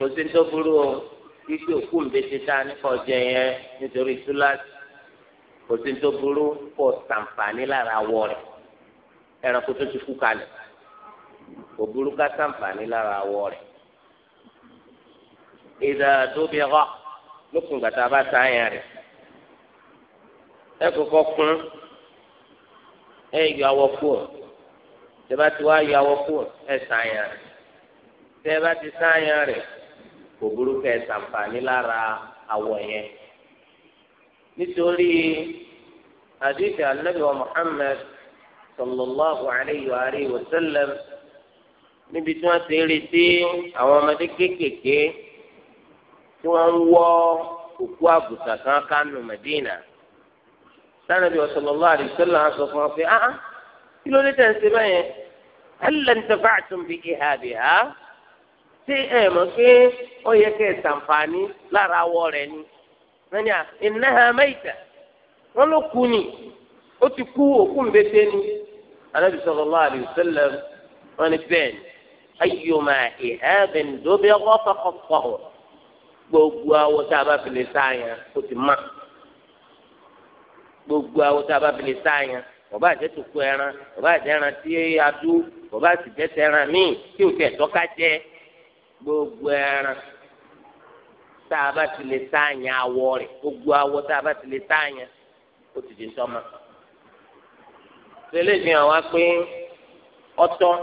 قلت تقولوا títí òkú ń bẹ́sẹ̀ tá a nípa ọjọ́ yẹn nítorí túláàsì kò sí tó burú pọ̀ sàǹfààní lára awọ rẹ̀ ẹranko tó ti kú kalẹ̀ kò burú ká sàǹfààní lára awọ rẹ̀. ìdá tóbi ọ̀ lókun gbàtà bá sáyẹn rẹ̀ ẹ kọ́kọ́ kún ẹ yọ awọ kúrò tẹ́bá ti wá yàwó kú ẹ̀ sáyàn rẹ̀ tẹ́bá ti sáyàn rẹ̀ kò burúkú ẹ̀ sàǹfààní lára àwọ̀ yẹn nítorí àdìsí anabi wa muhammed sallallahu alayhi wa alayhi wa sallam níbi tí wọ́n ti retí àwọn ọmọdé kéékèèké tí wọ́n ń wọ́ òkú àgùntàn kan kánú medina sanabi wa sallallahu alayhi wa sallam sọ fún wọn pé ah kí ló dé tẹ̀ ń ṣe báyẹn ẹlẹ́ntẹ́fà àtúnbí ìhà bìhà ṣé ẹ mọ̀ pé ó yẹ kẹ́ ẹ sàǹfààní lára awọ rẹ̀ ni wọ́n ní à ìnáhà mẹ́ta wọ́n ló kú ni ó ti kú òkú mbété ni anábì sallallahu alaihi wasallam wọ́n ní bẹ́ẹ̀ ayọ̀mọ̀ ìhà bẹ̀ndóbi ọkọ̀ fọkọ̀ gbogbo awọ tá a bá fi lè sáyà ó ti má gbogbo awọ tá a bá fi lè sáyà ọba àjẹtùkú ẹran ọba àjẹran tí a dú kò bá sì jẹ́ tẹran míì tí ò tẹ̀ tọ́ka jẹ gbogbo ẹran tá a bá ti lè sáàyàn awọ rẹ̀ gbogbo awọ tá a bá ti lè sáàyàn ó ti di sọ́mọ. tẹ́lẹ̀ fi hàn wá pé ọtọ́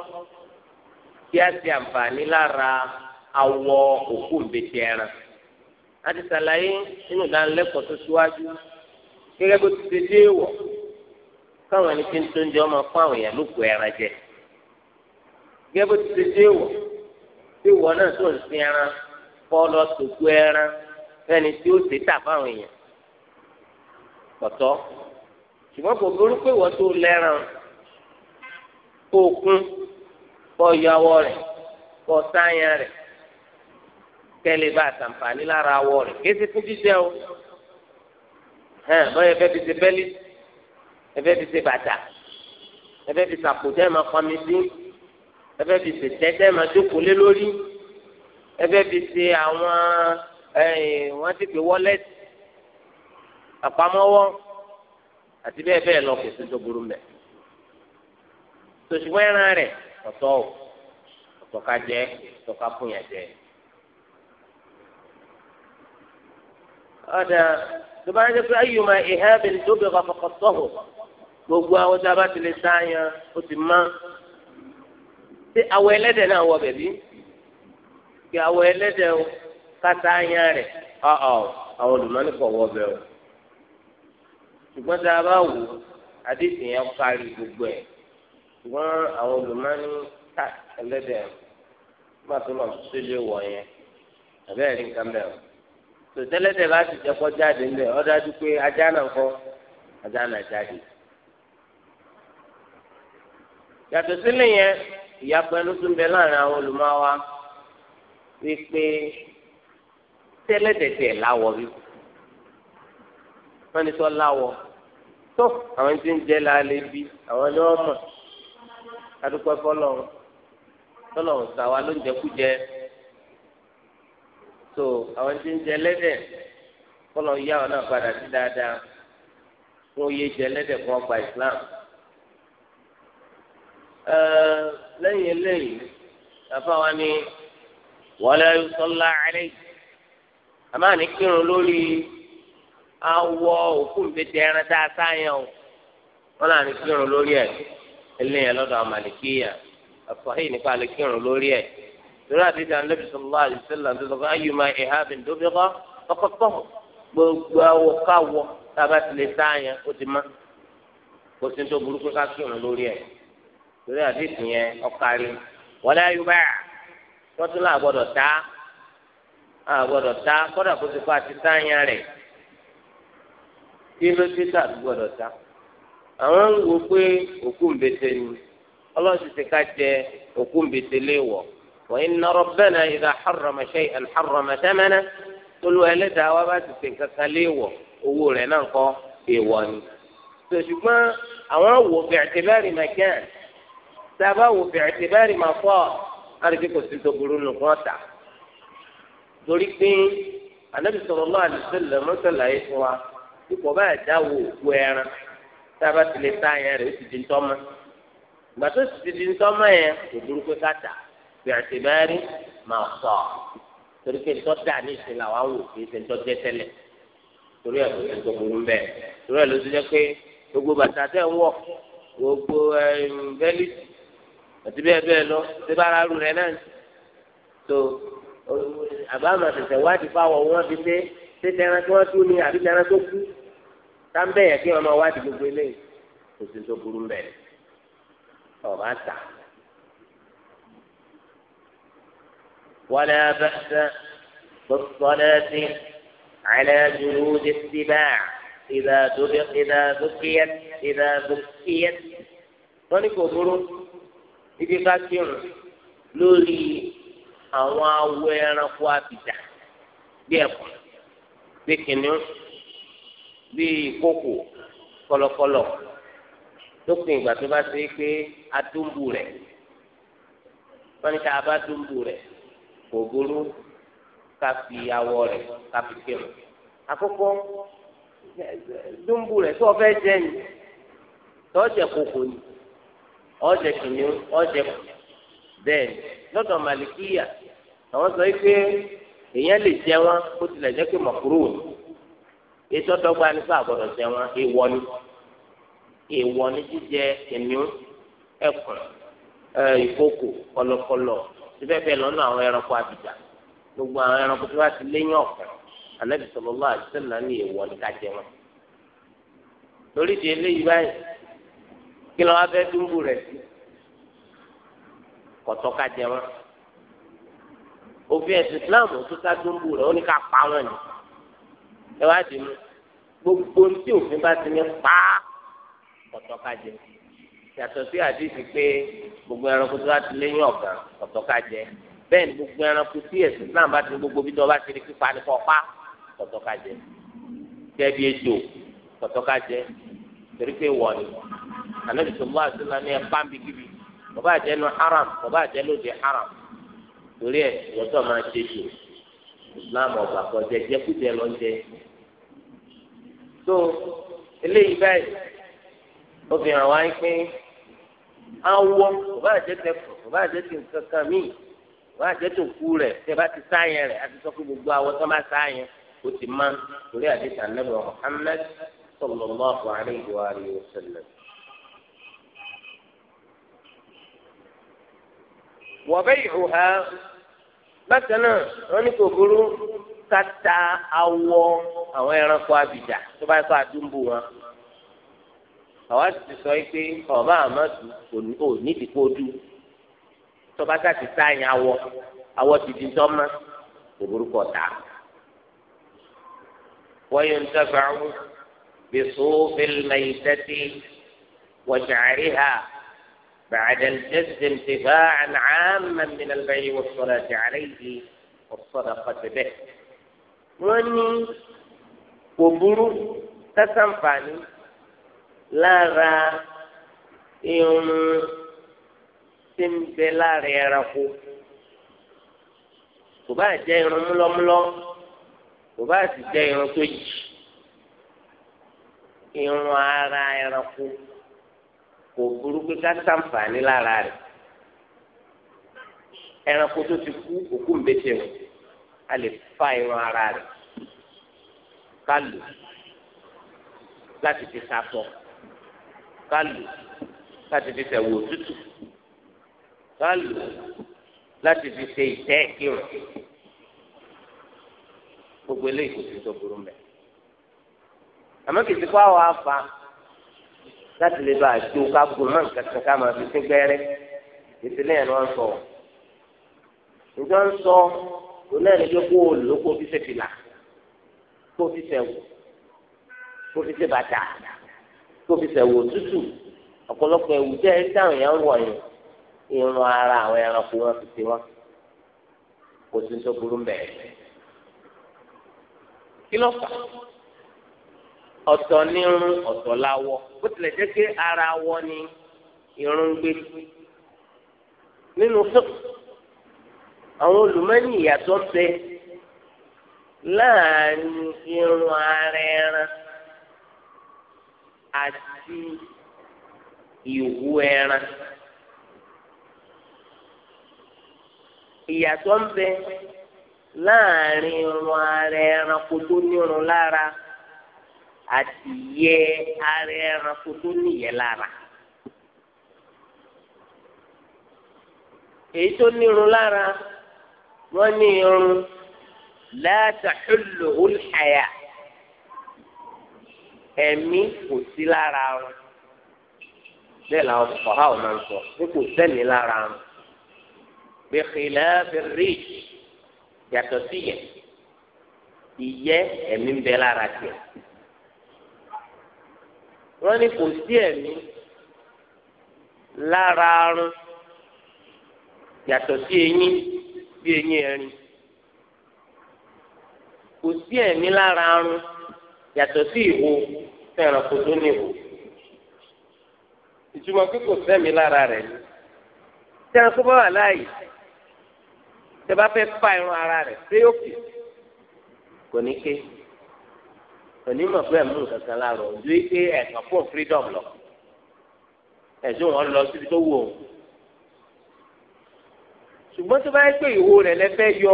kí a ti àǹfààní lára awọ òkú ìbètì ẹran láti ṣàlàyé nínú ìdánilẹ́kọ̀ọ́ tó síwájú gẹ́gẹ́ bó ti ṣe dé wọ̀ káwọn ẹni tí ń tó ń jẹ ọmọ fún àwọn èèyàn lóko ẹran jẹ gẹ́gẹ́ bó ti ṣe dé wọ̀ tí ìwọ náà tó ń sin ẹran kọ́ lọ tòkú ẹran fẹ́ni tí ó ṣe tà fáwọn èèyàn pọ̀tọ́ ṣùgbọ́n kò burú pé ìwọ tó lẹ́ran kó kún kó yọwọ́ rẹ̀ kó sáyàn rẹ̀ kẹ́lẹ́ bá àtàǹfààní lára awọ rẹ̀ kéṣe fún jíjẹ o hàn bọ́yọ̀ ẹ̀fẹ́ ti ṣe bẹ́lí ẹ̀fẹ́ ti ṣe bàtà ẹ̀fẹ́ ti ṣàpòtẹ́ ẹ̀ máa pamí sí ẹfẹ́ fi ṣe tẹ́tẹ́ máa jókòó lé lórí ẹfẹ́ fi ṣe àwọn wọ́n ti pè wọ́lẹ́tì àpamọ́wọ́ àti bẹ́ẹ̀ bẹ́ẹ̀ lọ kò sí tó burú mẹ́ tòṣùwọ́n ẹran rẹ̀ ọ̀tọ̀ o ọ̀tọ̀ ká jẹ́ ọ̀tọ̀ ká fún yẹn jẹ́ ọ̀dà tó bá ń jẹ́ pé ayùmọ̀ ìhẹ́bìn tó bẹ̀rẹ̀ fọkàn sọ̀rọ̀ gbogbo àwọn tí a bá ti lè sáyẹn ó ti mọ́. ṣé awọ ẹlẹ́dẹ̀ náà wọ bẹ̀bí kí awọ ẹlẹ́dẹ̀ o kàtà rẹ̀ ọ̀ọ́ àwọn olùmọ̀ọ́nì kọ̀ wọ o ṣùgbọ́n tá a bá àdéhùn yẹn kárí gbogbo ẹ̀ ṣùgbọ́n àwọn olùmọ̀ọ́nì ká ẹlẹ́dẹ̀ nígbà tó lọ sí ilé yẹn nǹkan o tòtẹ́lẹ́dẹ̀ bá ti jẹ́ ńlẹ̀ dájú pé ajá náà kọ́ ajá náà jáde yàtọ̀ sílẹ̀ yẹn. ìyapa ẹnu tún bẹ láàrin àwọn olùmọ̀wá wípé tẹ́lẹ̀tẹ̀tẹ̀ láwọ̀ bí wọ́n ní sọ láwọ̀ tó àwọn tí ń jẹ́ lálẹ́ bí àwọn ni wọ́n mọ̀ adúpẹ́ fọlọ́ tọ́lọ̀ ṣàwa ló ń jẹkújẹ tó àwọn tí ń jẹ lẹ́dẹ̀ fọlọ́ yá ọ náà padà sí dáadáa fún oyè jẹ lẹ́dẹ̀ fún ọgbà Islam lẹ́yìn eléyìí àfa wa ni wala yusalla alayhi àmọ́ àní kírun lórí awọ òkú nbẹ̀tẹ̀ ẹran tá a sáyẹn o wọn là ní kírun lórí ẹ̀ eléyìí lọ́dọ̀ àmàlìkíyà àfọ̀hìn nípa lè kírun lórí ẹ̀ lórí àdéhùn anábì sallallahu alaihi wasallam tó sọ fún ayyuma ihabin dubigha faqad tahur gbogbo awọ káwọ tá a bá ti sáyẹn ó ti má kó sí ní tó burúkú ká kírun lórí ẹ̀ torí àdéhùn yẹn ọkàrí wọlé ayúbá tọ́tún náà gbọ́dọ̀ tá a gbọ́dọ̀ tá kọ́dà kó ti kọ́ àti táyà rẹ̀ kí ló dé tà gbọ́dọ̀ tá àwọn ń wo pé òkú ń bete ni ọlọ́run ti ti ká jẹ òkú ń bete léèwọ̀ wọ́n iná rọ́bẹ́nà ìdá xarọ̀mọṣẹ́ ìdá xarọ̀mọṣẹ́mẹ́nà tolu ẹlẹ́dàá wa bá ti ti kankan léèwọ̀ owó rẹ̀ náà kọ́ èèwọ̀ ni. sòṣùgbọ́n àwọn wò bẹ̀rẹ̀ tẹ́lẹ̀ rìn mẹ́kẹ́ẹ̀ sábà wò bẹ̀rẹ̀ ti bẹ́ẹ̀rì máa fọ́ àdìgbé kò sí tó burú nù kán tà torí pé anabi sallallahu alaihi wasallam mọ́sálàyé fún wa ipò báyà dáwọ́ òkú ẹran sábà ti lè tá yẹn rẹ̀ ó ti di ntọ́mọ́ ìgbà tó ti di ntọ́mọ́ yẹn kò burú pé ká tà bẹ̀rẹ̀ máa sọ torí pé ntọ́ dà ní ìsìn làwọn wò kí ṣe ntọ́ jẹ́ tẹ́lẹ̀ torí ẹ̀ kò sí tó burú bẹ́ẹ̀ torí ẹ̀ ló ti jẹ́ pé gbogbo bàtà tẹ̀ ń wọ̀ gbogbo ẹ̀ ń bẹ́lí àti bẹ́ẹ̀ bẹ́ẹ̀ lọ ṣé bá ara rẹ náà tó àbámu àtẹ̀tẹ̀ wádìí fáwọn wọn fi dé ṣé tẹran tí wọ́n tún ní àbí tẹran tó kú táǹbẹ̀ yẹn kí wọ́n máa wádìí gbogbo eléyìí kò sí tó burú mbẹ̀ ọ̀bá tà. ولا بأس بالصلاة على جلود السباع إذا دبق إذا بقيت إذا بقيت ونكبر ibi ká kírun lórí àwọn awọ ẹranko àbìjà bí ẹkọ bí kìnìún bí ìkókò kọ̀lọ̀kọ̀lọ̀ lópin ìgbà tó bá ṣe é pé adúmbù rẹ wọn ní ká bá dúmbù rẹ kò burú ká fi awọ rẹ ká fi kírun àkókò dúmbù rẹ tó o fẹ́ jẹ ni tó o jẹ kókò ni. ọjẹ kìnìún ọjẹ bẹ́ẹ̀ lọ́dọ̀ màlìkíyà àwọn sọ pé èèyàn lè jẹ wọn kó tilẹ̀ jẹ́ pé mọ̀kúrò ní ètò nípa àgbọ̀dọ̀ jẹ wọn èèwọ̀ ni èèwọ̀ ni jíjẹ kìnìún ẹkùn ìkókò kọlọkọlọ síbẹ̀ lọ́nà àwọn ẹranko gbogbo àwọn ẹranko tó bá ti léyìn ọ̀kan èèwọ̀ ni ká jẹ wọn. lórí ti kí ló wá fẹ́ dúró rẹ̀ sí kọ̀tọ́ ká jẹ wọn òfin ẹ̀sìn Islam tó ká dúró rẹ̀ ó ní ká pa wọn ni ẹ wá dì mú gbogbo tí òfin bá ti ní pa kọ̀tọ́ ká jẹ yàtọ̀ sí àdìsí pé gbogbo ẹranko tó bá ti léyìn ọ̀gá kọ̀tọ́ ká jẹ bẹ́ẹ̀ ni gbogbo ẹranko tí ẹ̀sìn Islam bá ti gbogbo bí tó bá ti rí pípa ní kọ́ kọ̀tọ́ ká jẹ kẹ́ẹ́ bí ejò kọ̀tọ́ ká jẹ torí pé wọ̀ ni wọ́n anabi sallallahu alaihi wasallam ní ẹpá nbí kíbi bàbá àjẹ nu haram bàbá àjẹ lóde haram torí ẹ wọtọ máa ṣe jù islam ọgbà kan jẹ jẹkújẹ lọ jẹ so eléyìí báyìí obìnrin wa ń pín awọ bàbá àjẹ tẹkọ bàbá àjẹ tẹ nǹkan kan míì bàbá àjẹ tó kú rẹ tẹ bá ti sáyẹn rẹ àti sọ pé gbogbo awọ tó bá sáyẹn ó ti má torí àdéhùn anábẹ Muhammad sallallahu alaihi wa alihi wa sallam. wọ̀bẹ́ ìhùhà bákan náà wọ́n ní kò burú tata awọ àwọn ẹranko abìjà tó bá kọ́ àdúgbò wọn àwa ti sọ yìí pé ọba àmàdù ò ní ìdìpọ̀ dù tọba tá ti sáyìn awọ awọ ti di dọ́mà kò burú kọ tà wọ́n yóò ń dábàá بصوف الميتة وشعرها بعد الجد انتفاعا عاما من البيع والصلاة عليه والصدقة به وني وبرو تسنفاني لا را يوم تنبي لا ريرقو kò bá jẹ irun múlọmúlọ kò bá sì jẹ irun tó yìí irun ara ẹranko kò burú pé ká sàǹfààní lára rẹ̀ ẹranko tó ti kú òkú ńbẹ́tẹ̀ wọn a lè fa irun ara rẹ̀ ká lò láti fi sàtọ̀ ká lò láti fi sẹ̀wò òtútù ká lò láti fi ṣe ìtẹ́ kírun gbogbo eléyìí kò sí tó burú mẹ́ àmọ́ kìí ti kó àwọn afa láti lè bá a jó ká gbó mọ́ nǹkan kan ká máa fi sí gbẹ́rẹ́ ìdílé yẹn ni wọ́n sọ njọ ń sọ ònà ní pé kó o lò kó o fi ṣe fìlà kó o fi ṣe wò kó o fi ṣe bàtà kó o fi ṣe wò tútù ọ̀pọ̀lọpọ̀ ẹ̀wù jẹ́ ẹni táwọn èèyàn ń wọ̀ yẹn irun ara àwọn ẹranko wọn fi ṣe wọn kò sí tó burú mẹ́ẹ̀ẹ́ kí ló fà ọ̀tọ̀ ní ọ̀tọ̀ láwọ̀ bó tilẹ̀ jẹ́ pé ara wọ ni irun gbé nínú fún àwọn olùmọ́ni ìyàtọ̀ bẹ láàrin irun ara ẹran àti ìwú ẹran ìyàtọ̀ ń bẹ láàrin irun ara ẹranko tó nírun lára àti yẹ ara ẹranko tó níyẹ lára. èyí tó nírun lára wọ́n ní irun látàhùlù olùhàyà ẹ̀mí kò sí lára wọn bẹ́ẹ̀ làwọn ọ̀há ọ̀ máa ń sọ pé kò sẹ́mi lára wọn bẹ̀kìlá bẹ̀rẹ̀ yàtọ̀ sí yẹn ìyẹ́ ẹ̀mí ń bẹ lára tiẹ̀ wọ́n ní kò sí ẹ̀mí lára arun yàtọ̀ sí eyín bí eyín ẹrin kò sí ẹ̀mí lára arun yàtọ̀ sí ìwo fẹ́ràn kò tó níwò ìtumọ̀ pé kò sẹ́mi lára rẹ̀ ni tẹ́ran tó bá wà láàyè tẹ́ bá fẹ́ fa irun ara rẹ̀ pé ó fi kò ní ké onímọ̀ pé ẹ̀mú kankan láàrọ̀ ojú pé fún freedom lọ ẹ̀sùn wọn lọ síbi tó wù òun ṣùgbọ́n tó bá yẹ pé ìwo rẹ̀ lẹ fẹ́ yọ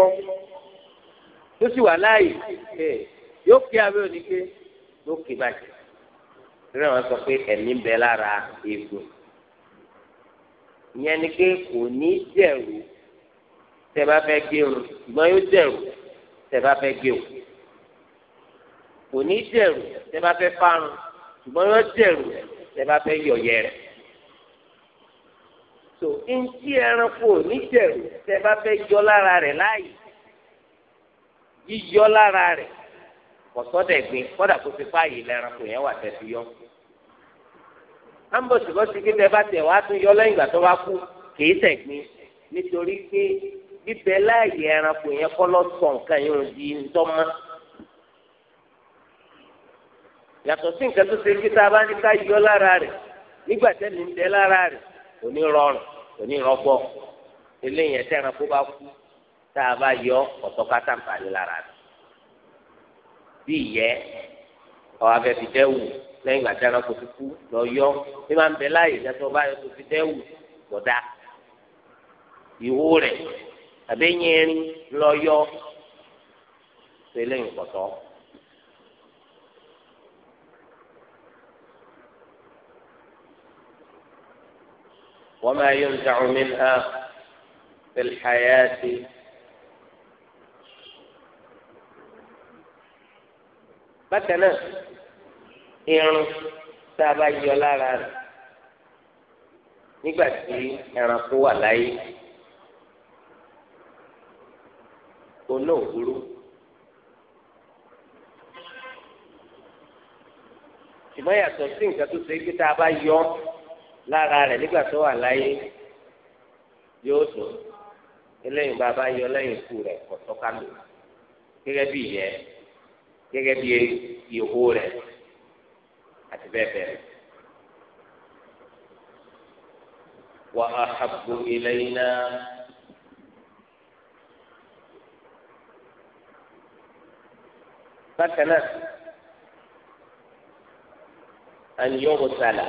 tó sì wà láàyè ẹ yóò kí abẹ́ òní pé yóò kí bàjẹ́ rírẹ̀ wọn sọ pé ẹ̀mí ń bẹ lára egbò ìyẹn ni pé kò ní dẹ̀rù tẹ bá fẹ́ gé o ṣùgbọ́n yóò dẹ̀rù tẹ bá fẹ́ gé o kò ní dẹ̀rù tẹ bá fẹ́ fárun ṣùgbọ́n yóò dẹ̀rù tẹ bá fẹ́ yọ̀yẹ̀ rẹ̀ so ntí ẹranko níjẹ̀rù tẹ bá fẹ́ yọ lára rẹ̀ láàyè yíyọ lára rẹ̀ kọ̀sọ́dẹ̀gbin kọ́dà kó fi fáàyè lẹ́ranko yẹn wà tẹ̀ fi yọ. ambos bó ti kí tẹ bá tẹ̀ wá tún yọ lẹ́yìn ìgbà tó bá kú kìí tẹ̀gbin nítorí pé bíbẹ láàyè ẹranko yẹn kọ́ lọ sọ nǹkan yìí di ntọ́mọ́. yàtọ̀ sí nǹkan tó ṣe kí tá a bá ní ká yọ lára rẹ̀ nígbà tẹ́lẹ̀ ń bẹ lára rẹ̀ onírọrùn onírọgbọ eléyìí ẹsẹ ẹranko bá kú tá a bá yọ ọtọkátà nfààní lára rẹ bí ìyẹ ọwọ abẹ fi dẹ wù lẹ́yìn ìgbà tí ẹranko ti kú lọ yọ bí máa ń bẹ láàyè ìdájọ bá yọ tó fi dẹ wù gbọdá ìwó rẹ àbẹyìn ẹrin lọ yọ tó eléyìí pọtọ. وما ينزع منها في الحياة بكنا إن sábà yọ lára rẹ̀ nígbà tí ẹranko wà láyé oná òwúrú ṣùgbọ́n yàtọ̀ sí nǹkan tó ṣe é pé tá a bá yọ ọ́ lára rẹ̀ nígbà tó wà láyé yóò dùn eléyìí bàbá yọ lẹ́yìn ikú rẹ̀ kọ̀tọ́ kánò gẹ́gẹ́ bí ìyẹ́ gẹ́gẹ́ bí ìhó rẹ̀ àti bẹ́ẹ̀ bẹ́ẹ̀. wà á hàbù eléyìí náà. bákan náà àníyàn wò sálà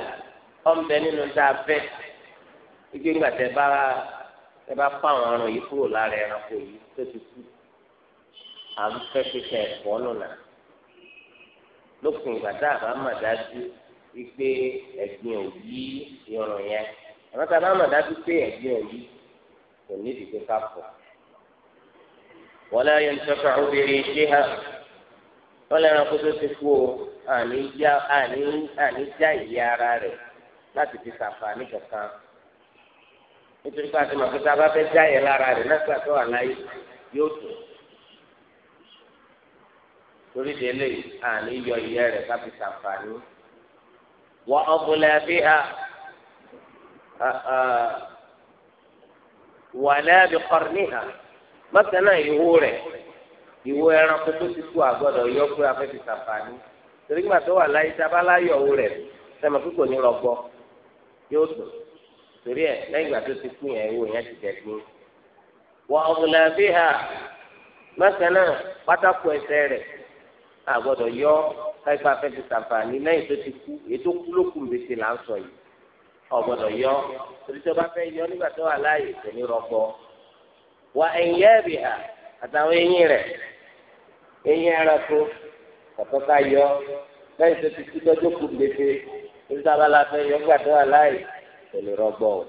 ọ̀nbẹ nínú tá a fẹ́ igi ńgbà tẹ bá tẹ bá fọ àwọn ọrùn yìí kúrò lára ẹranko yìí tó ti kú à ń fẹ́ pípẹ́ ẹ̀fọ́ lọ́nà lópin ìgbà tá a bá mà dájú wípé ẹ̀gbin ò yí irun yẹn àwọn tá a bá mà dájú pé ẹ̀gbin ò yí kò ní ìdíje ká pọ̀. wala yantafi'u bi rijiha wọ́n lẹ́ran kó tó ti kú o àní já ìyá ara rẹ̀ láti fi sàǹfààní kankan nítorí pé àti màkúta bá fẹ́ já yẹn lára rẹ̀ náà sàtọ́ àláyé yóò tó torí délé àní yọ ìyẹ́ rẹ̀ ká fi sàǹfààní wọ́n ọ̀bùnlẹ̀ bí a wà lẹ́bi kọ́rní ha bákan náà ìwo rẹ̀ ìwo ẹranko tó ti kú àgọ́dọ̀ yọ pé a fẹ́ fi sàǹfààní torí gbà tó wà láyé sábà láyọ̀ òwò rẹ̀ sẹ́mi kíkò ní rọgbọ yóò sùn torí ẹ lẹ́yìn ìgbà tó ti kú yẹn ewu yẹn ti jẹ gbé wà ọ̀gbìnlẹ̀ bí ha bákan náà pátákó ẹsẹ̀ rẹ̀ àgbọ̀dọ̀ yọ káyipá fẹ́ ti sàǹfààní lẹ́yìn tó ti kú ètò kú ló kù lèsì là ń sọ yìí ọ̀gbọ̀dọ̀ yọ torí tó bá fẹ́ yọ nígbà tó wà láàyè tẹ̀lé rọgbọ wà ẹ̀yẹ́ bí ha àtàwọn eyín rẹ̀ eyín ẹranko kọ̀tọ́ ká yọ lẹ́yìn tó ti kú lọ́jọ́ kù lèsì ibi tá a bá la fẹ́ yọ tó wà láì kò lè rọgbọ o.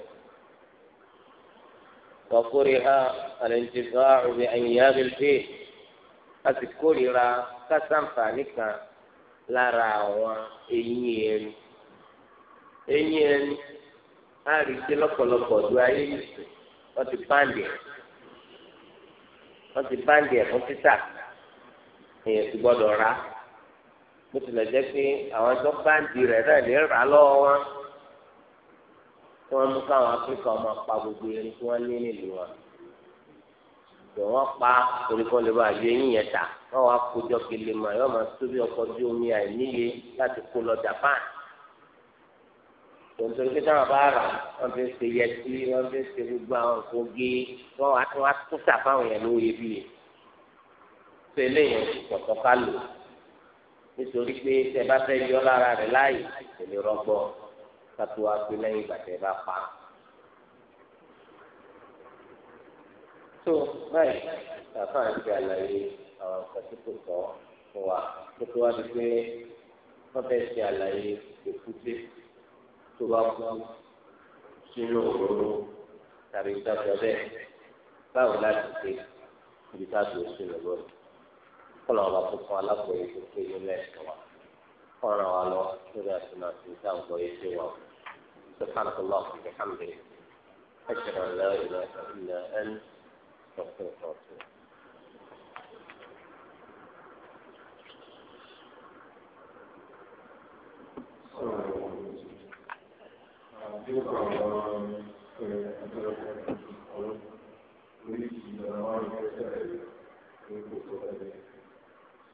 وكره الانتفاع بأنياب الفيل láti kórìíra kásánfààní kan lára àwọn eyín ẹni eyín ẹni á rí sí lọ́pọ̀lọpọ̀ ju ayé nìsín wọ́n ti báńdì ẹ̀ wọ́n ti báńdì ẹ̀ fún títà èèyàn ti gbọ́dọ̀ rà á bó tilẹ̀ jẹ́ pé àwọn tó báńdì rẹ̀ náà lè rà lọ́wọ́ wọn tí wọ́n mú káwọn áfíríkà ọmọ pa gbogbo irin tí wọ́n ní nílùú wọn tò wọ́n pa toríkọ́ lè bá yọ eyín yẹn tà wọ́n wá kójọ kele mà yọ́ máa tóbi ọkọ̀ ojú omi àìníye láti kó lọ Japan tòǹtò ní sábà bá rà wọ́n fi ń ṣe yẹtí wọ́n fi ń ṣe gbogbo àwọn nǹkan gé wọ́n wá tó sàfáwọn yẹn lówó iyebíye tẹ́lẹ̀ yẹn kọ̀tọ̀ nítorí pé tẹ bá fẹ́ yọ lára rẹ̀ láàyè kò lè rọgbọ kátó wá pé lẹ́yìn ìgbà tẹ bá pa. tó báyìí bàbá ń fi àlàyé àwọn nǹkan tí kò tọ́ fún wa kó tó wá di pé wọ́n fẹ́ ṣe àlàyé èkúté tó bá kú sínú òróró tàbí ìtajà bẹ́ẹ̀ báwo láti ṣe ibi sínú lọ́dún kọlọ ọba tó fún alágbóye tó pé ní lẹ́sìn wa ọ̀ràn wa lọ lórí àtúnà àti ìdáǹgbọ̀yé tó wà ó سبحانك اللهم وبحمدك أشهد أن لا إله إلا أنت أستغفرك وأتوب إليك Thank you.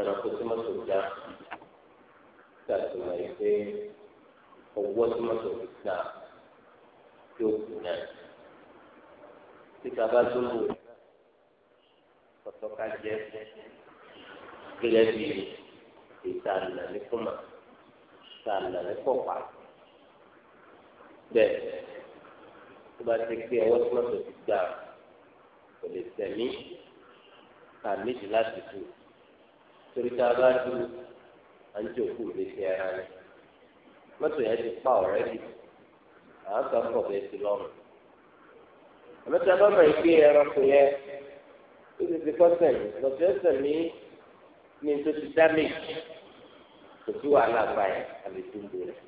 ẹranko tí mọ́tò já gbàgbọ́ ẹ̀ pé ọwọ́ tí mọ́tò fi gbà yóò kù náà títa bá tó lò ọ̀tọ̀ ká jẹ́ gẹ́gẹ́ bí ìta àlàní kùmà ìta àlàní pọ̀pà bẹ́ẹ̀ tó bá ti pé ọwọ́ tí mọ́tò fi gbà kò lè tẹ̀mí àmì jù láti dùn torí tá a bá dúró à ń jòkó ìgbésí ara rẹ mọ́tò yẹn ti pa ọ̀rẹ́ bì à ń sọ pọ̀ bẹ́ẹ̀ sí lọ́rùn àmọ́tà bá máa ń gbé ẹranko yẹn ó ti ti kọ́ sẹ̀mí lọ́sẹ̀ sẹ̀mí ní tó ti dá kò sí wàhálà báyìí àlè dúró rẹ̀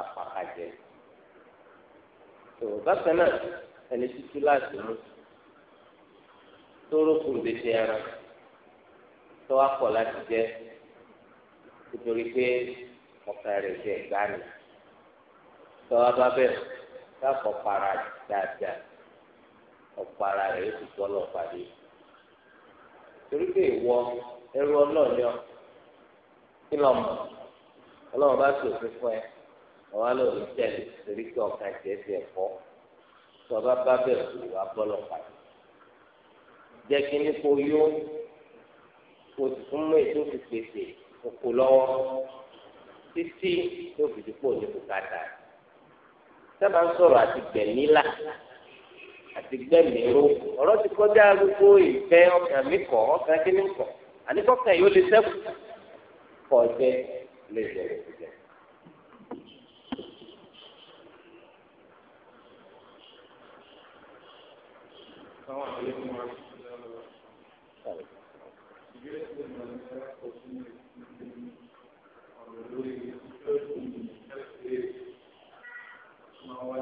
àpàkàjẹ́ tó bákan náà ẹni títí láti mú tó rókùn ìgbésí ara rẹ tó wá pọ̀ láti jẹ nítorí pé ọ̀kan rẹ̀ jẹ ìgbà ni tó wá bá bẹ̀rẹ̀ káàkó para dáadáa ọ̀para rẹ̀ yóò ti tọ́ lọ pàdé torí pé ìwọ ẹrú ọlọ́ọ̀yọ́ kí lọ mọ̀ ọlọ́run bá sì òfin fún ẹ ọ̀wá lòdì tẹ̀lé torí pé ọ̀kan jẹ́ ti ẹ̀kọ́ tó bá bá bẹ̀rẹ̀ kò wá bọ́ lọ pàdé jẹ́ kí ní kó yó kò sì tún mú ètò fi pèsè òkú lọ́wọ́ títí tó fi dìpọ̀ ní bùkátà sábà ń sọ̀rọ̀ àti gbẹ̀mílà àti gbẹ̀míró ọ̀rọ̀ ti kọjá gbogbo ìfẹ́ ọkàn mi kọ̀ ọkàn kí ni kọ̀ àníkọ́kàn yóò lè sẹ́kù kọ̀ jẹ́ lè bẹ̀rẹ̀ jẹ́. Assalamu alaikum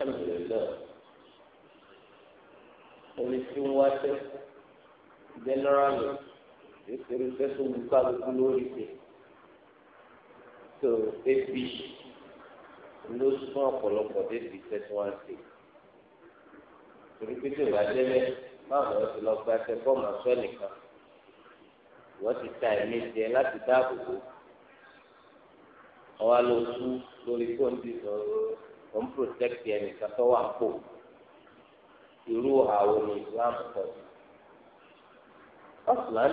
alhamdulilayi omi tí ń wáṣẹ jẹnẹrali ìṣèlú tẹsán olùkọ àgùkù lórí ṣe tó ebi ló sún ọ̀pọ̀lọpọ̀ débi tẹsán wá ṣe torí pé tí ìwà délẹ̀ máa wọ́n ti lọ gba ẹsẹ̀ bọ́ọ̀mù aṣọ nìkan wọ́n ti ta ẹ̀mí jẹ láti dáàbò bò ọwọ́ ló sún protect ẹnìkan tó wà pò irú àwọn ní islam kọ sí ọsùlán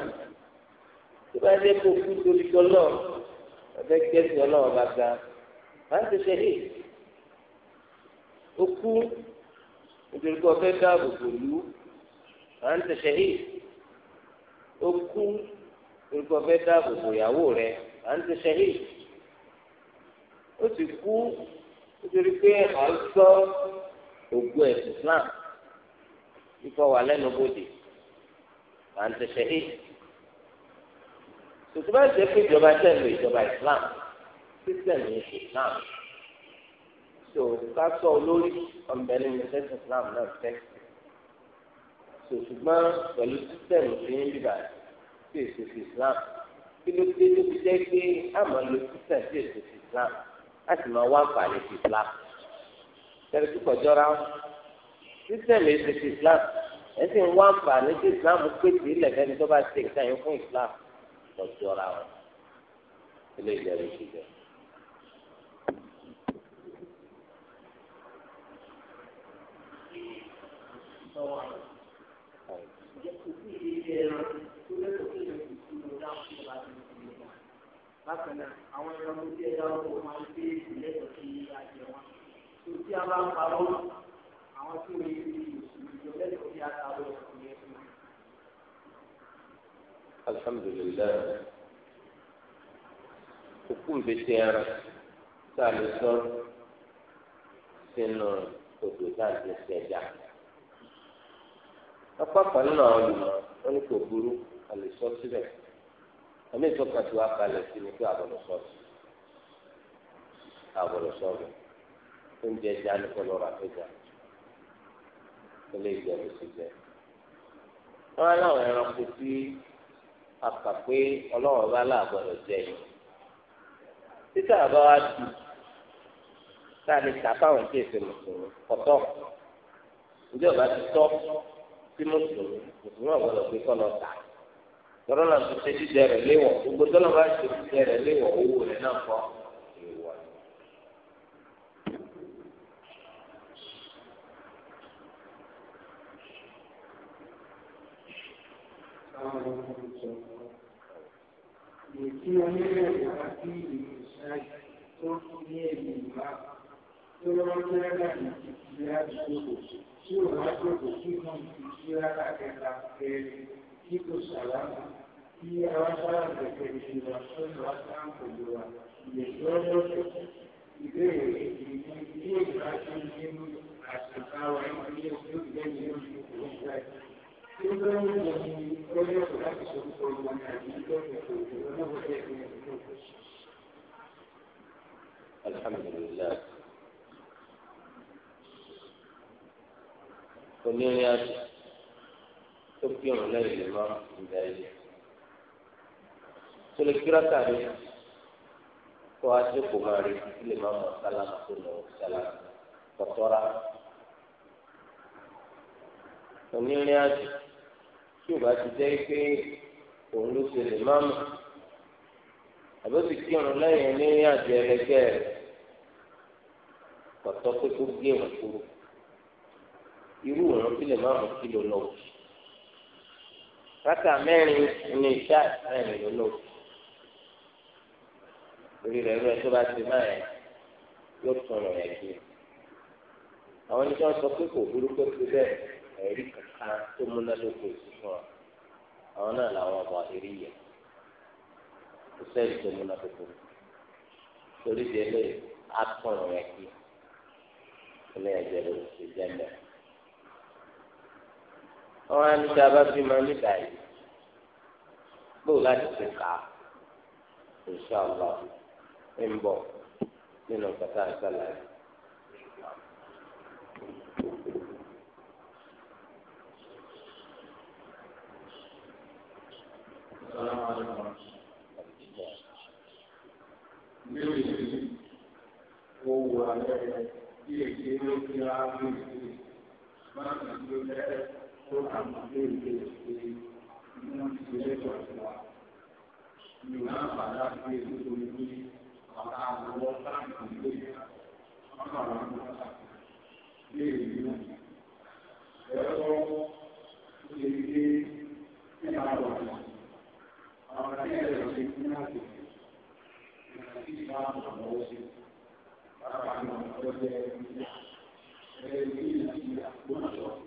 tó bá dé kó kú torí tọlọ ọbẹ kẹsì Ọlọ́run bá ga máa ń tẹsẹ dé ó kú nítorí pé ọbẹ dáàbò bò lú máa ń tẹsẹ dé ó kú nítorí pé ọbẹ dáàbò bò ìyàwó rẹ máa ń tẹsẹ dé ó sì kú nítorí pé à ń sọ ògùn ẹ̀sìn Islam kíkọ́ wà lẹ́nu bòde à ń tẹ̀sẹ̀ é tòtò bá jẹ́ pé ìjọba tẹ̀lé ìjọba Islam Christian ní Islam tó ká sọ olórí ọ̀nbẹ̀lẹ̀ ní Islam náà fẹ́ tó ṣùgbọ́n pẹ̀lú Christian ní bíbá tí èsì Islam kí ló dé tó fi jẹ́ pé àmọ́ lo Christian tí èsì Islam láti máa wá àǹfààní sí islam tẹ̀lé kíkọ̀ jọra sísẹ̀mì ẹ̀sìn sí islam ẹ̀sìn wá àǹfààní sí islam pèsè ìlẹ̀fẹ́ni tó bá ṣe ìtàn yín fún islam kọ̀ jọra wọn ilé ìjẹ́rìí ìṣèjọba. Thank you. bákan náà àwọn ẹranko tí ẹja ọkọ̀ máa ń gbé ìlẹ́tọ̀ sí àjẹ wọn tó tí a bá ń parọ́ àwọn tí wọ́n yé ti ìṣòro lẹ́tọ̀ sí àtàwọn ẹ̀kọ́ yẹn fún wọn. alhamdulilayi òkú ìbẹ́sẹ̀ ara tá a lè sọ sínú odò tá a ti ṣẹ̀dá apá kan nínú àwọn olùmọ̀ wọn ni kò burú a lè sọ síbẹ̀ àmì ìtọ́ka tí wàá kalẹ̀ sí ni pé àbọ̀lọ̀ sọ́ọ̀bù àbọ̀lọ̀ sọ́ọ̀bù oúnjẹ ẹja ni kọ́ lọ́ọ́ rà fẹ́jà ilé ìjẹ ló ti jẹ. wọ́n á láwọn ẹranko tí a kà pé ọlọ́wọ́ bá láàbọ̀lọ̀ jẹ yìí títà bá wá tù sáàni tàbáwọn tí èsè mùsùlùmí kọ̀tọ̀ ìjọba ti tọ́ sí mùsùlùmí mùsùlùmí ọ̀gbọ́dọ̀ pé kọ́ lọ tà á tọ́lọ́ náà ti ṣe jíjẹ rẹ̀ léwọ̀ gbogbo tọ́lọ́ bá ṣe jíjẹ rẹ̀ léwọ̀ owó rẹ̀ náà kọ́ léwọ̀. Ètí onílẹ̀ àti ìṣáájú tó ní èmi máa tó lọ́wọ́ tó ní ìṣíra ìṣòro tí ò wá tó kò sí mọ́ ìṣíra àkẹta kẹrin kíkò sàlámù kí arására bẹ̀rẹ̀ ìṣúná sọ́nà lásán pẹ̀lú wa ìyẹ̀sọ́ lọ́sọ̀ ìbéèrè ìdí ní ìgbà tí ó ní mú àṣìká wa ní ilé tó gbẹ̀yìn lóṣù tó ń gbà tí ó bá ń lọ ní ọjọ́ ìgbà láti sọ fún ọmọ ní àbí lọ́sọ̀ tó ń lọ lọ́wọ́ jẹ́ ìpínlẹ̀ Onírìn àjò tó kí òun lẹ́yìn lè má ìgbà yìí tó lè kíra tàbí kó a tó kò máa rí kí lè má mọ sálámù tó lọ sálámù tọ̀tọ̀ra onírìn àjò tí ò bá ti jẹ́ pé òun ló ṣe lè má mọ̀ àbó ti kí òun lẹ́yìn onírìn àjò ẹlẹgbẹ́ rẹ̀ kọ̀tọ́ pé kó gé òun kúrò irú òun kí lè má mọ̀ kí ló lọ́wọ́ rákà mẹ́rin ní ìṣá mẹ́rin ló lò orí rẹ̀ rẹ̀ tó bá ti máa yẹ yóò tún ọ̀rọ̀ yẹn kí àwọn ẹni tí wọ́n sọ pé kò burú pé kú bẹ́ẹ̀ ẹ̀rí kankan tó múnádóko sí fún wa àwọn náà làwọn ọba eré yẹ kò sẹ́yìn tó múnádóko torí délé atún ọ̀rọ̀ yẹn kí ilé ló ti jẹ́ mẹ́rin ọ̀rọ̀ ẹni tí a bá fi máa ń níta yìí gbóò láti fi kà á ìṣàlọ ń bọ̀ nínú kàtà ìṣàlàyé. السلام عليكم ورحمة الله وبركاته. هو يجب أن يكون هناك tó àwọn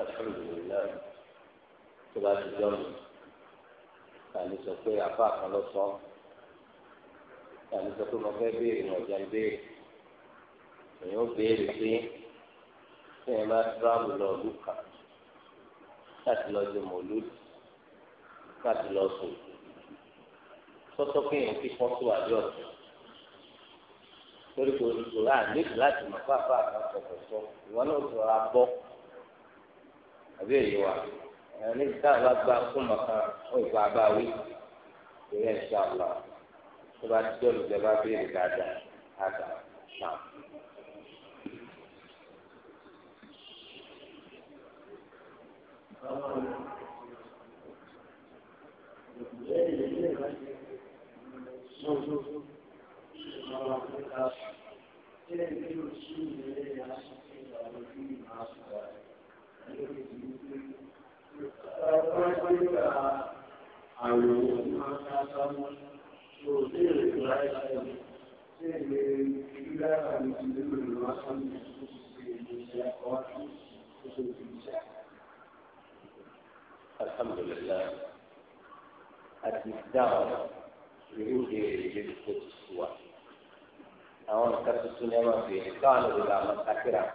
alhamdulilayi tó bá ti jọ mi tàbí sọ pé apá kan lọ sọ tàbí sọ pé mo fẹ́ béèrè mo jẹ́ béèrè èyàn ó béèrè pé tí ẹ bá tíráàbù lọ ọdún kan láti lọ jẹ mọ̀lúdì àbí èyí wa ẹni táwọn bá gba fún màkàn ó ìgbà bá wí ìrẹ́ ìṣàlá tó bá ti dọ́lù bá béèrè dáadáa àgbà náà. Thank you. الحمد لله الدعوة لوجود القدس واحد أو أن تكون في قالوا إلى مذاكرة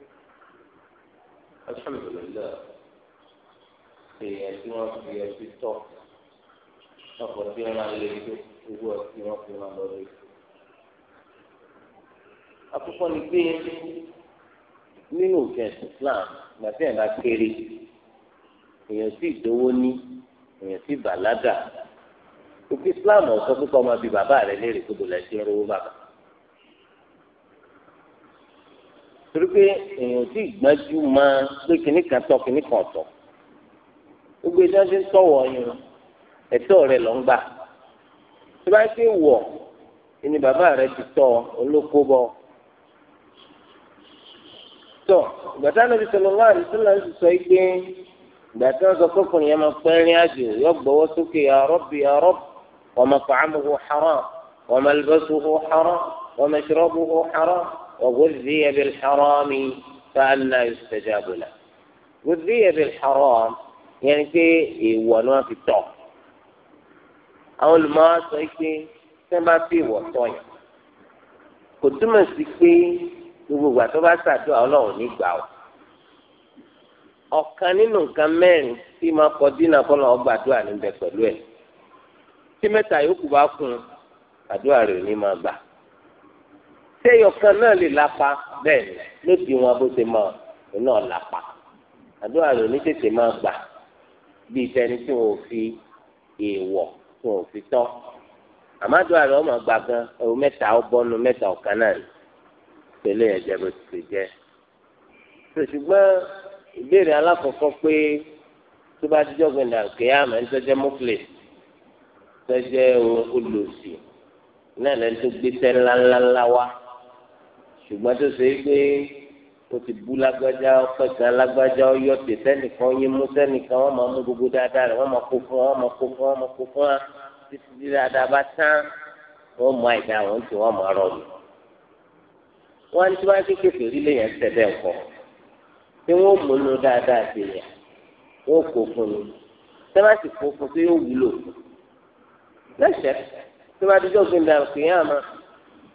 alhamdulilayi èèyàn tí wọ́n fi ẹbí tọ́ ọkọ̀ tí wọ́n máa lè tó owó ọtí wọ́n fi máa lọ lé. akọ́kọ́ ni pé nínú òfin ẹ̀sìn Islam gbàtí ẹ̀ bá kéré èèyàn sì dówó ní èèyàn sì bàlágà òfin Islam ọ̀sọ́ pípa ọmọ bíi bàbá rẹ̀ léèrè kó bò lẹ́sìn rówó bàbá. torí pé èèyàn tí ìgbájú máa pé kìnnì kan tọ kìnnì kan tọ gbogbo ẹjọ́ ti ń tọ̀wọ̀ yín ẹ̀tọ́ rẹ̀ ló ń gbà tó bá ti wọ̀ ẹni bàbá rẹ̀ ti tọ́ olóko bọ́ tó gbàtà níbi sọlọ́wọ́ àdìsílẹ̀ ti sọ pé gbàtà sọ kókùnrin yẹn máa pẹ́ rìn àjò yọ gbọ́wọ́ sókè ya Rabbi ya Rabbi wa mat'amuhu haram wa malbasuhu haram wa mashrabuhu haram. وغذي بالحرام فأنا يستجاب له غذي بالحرام يعني في ونوع في الطعم أو الماء سيكي كما في وطعم كنت ما سيكي gbogbo àti ọba ṣàdúrà ọlọ́run nígbà ọ ọ̀kan nínú nǹkan mẹ́rin tí máa kọ dínà kọlọ ọgbàdúrà níbẹ̀ pẹ̀lú ẹ tí mẹ́ta yòókù bá kún àdúrà rẹ ò ní máa gbà sẹ́yọ̀kan náà lè lápa bẹ́ẹ̀ lóde wọn bó ṣe máa náà lápa àdúrà rẹ̀ ní tètè máa gbà bíi tẹni tí wọn ò fi èèwọ̀ tí wọn ò fi tọ́ àmọ́ àdúrà rẹ̀ ọmọ gbà gan ẹ̀rù mẹ́ta ọgbọ́nu mẹ́ta ọ̀kan náà ni tẹ́lẹ̀ ẹ̀jẹ̀ bó ti jẹ́ ṣùgbọ́n ìbéèrè alákọ̀ọ́kọ́ pé tó bá dijọ́ gbẹ̀dà kéèyàn ẹni tó jẹ́ mọ́kìlẹ̀ tó jẹ́ olùsì náà lẹ́ni tó gbé tẹ́ ńláńláńlá wá ṣùgbọ́n tó ṣe é pé o ti bú lágbájá ọpẹ́ kan lágbájá ọyọ tè sẹ́nìkan yín mú sẹ́nìkan wọ́n máa mú gbogbo dáadáa rẹ̀ wọ́n máa kó fún wọn máa kó fún wọn máa kó fún wọn títí tí dáadáa bá tán wọ́n mú àìdá wọn tí wọ́n máa rọ̀ lù. wọ́n ní tí wọ́n á ké kéfè rí lè yẹn tẹ̀lé tí wọ́n mú nu dáadáa sí yẹn wọ́n kó fún un sẹ́wáàsì kó fún un yóò wúlò lẹ́sẹ̀ tó bá dijọ́ gbẹ̀ndà kìí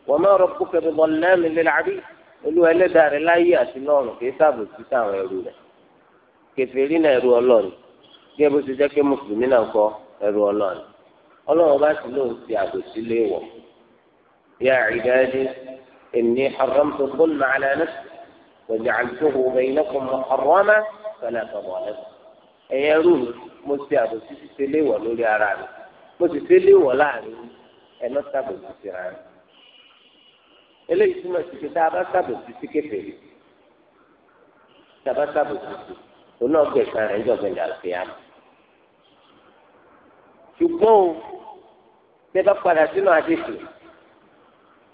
wa ma rabbuka bi dhallamin lil abid olúwa ẹlẹ́dàá rẹ láyé àti lọ́run kì í sábò sí táwọn ẹrú rẹ kèfèrí náà ẹrú ọlọ́run gẹ́gẹ́ bó ti jẹ́ pé mùsùlùmí náà kọ́ ẹrú ọlọ́run ọlọ́run bá sì lóun ti àbòsí léèwọ̀ ya ibadi inni haramtu dhulma ala nafsi wa ja'altuhu bainakum muharraman fala tadhalamu ẹ̀yẹ rú mi mo ti àbòsí ti ṣe léèwọ̀ lórí mo ti eléyìí túmọ̀ sí pé tá a bá sàbòsí sí kékeré tá a bá sàbòsí sí òun náà gbẹ̀sán rẹ̀ ń jọ̀gbìn dàgbé àmọ́ ṣùgbọ́n o tẹ bá padà sínú àdìsí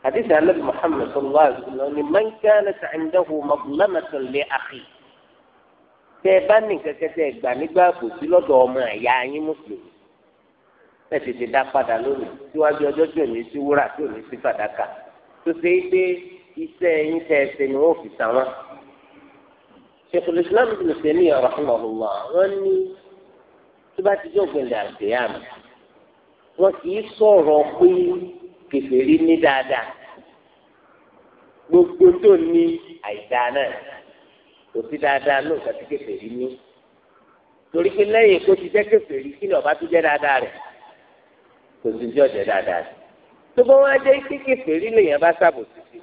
àdìsí alẹ́ Muhammad sallallahu alayhi wa sallam ni man kanat indahu mazlamatun li akhi tẹ bá ní kẹkẹ gbà nígbà àbòsí lọ́dọ̀ ọmọ ẹ̀yà yín mùsùlùmí ẹ tètè dá padà lónìí síwájú ọjọ́ tí ò ní sí wúrà tí ò ní sí fàdákà tó ṣe é pé iṣẹ́ yín tẹ́ ẹ ṣe ni wọ́n fi tà wọ́n. Sheikhul Islam Ibn Taymiyyah rahimahullah wọ́n ní tó bá ti jẹ́ ògbìnlẹ̀ àgbéyàmù wọ́n kì í sọ̀rọ̀ pé kèfèrí ní dáadáa gbogbo tó ní àìdáa náà kò sí dáadáa ló nǹkan tí kèfèrí ní torí pé lẹ́yìn kó ti jẹ́ kèfèrí kí ni ọba tó jẹ́ dáadáa rẹ̀ kò sí jẹ́ ọ̀jẹ̀ dáadáa rẹ̀ tó bá wọn jẹ́ kéèké fèrí lèèyàn bá ṣàbòsí sí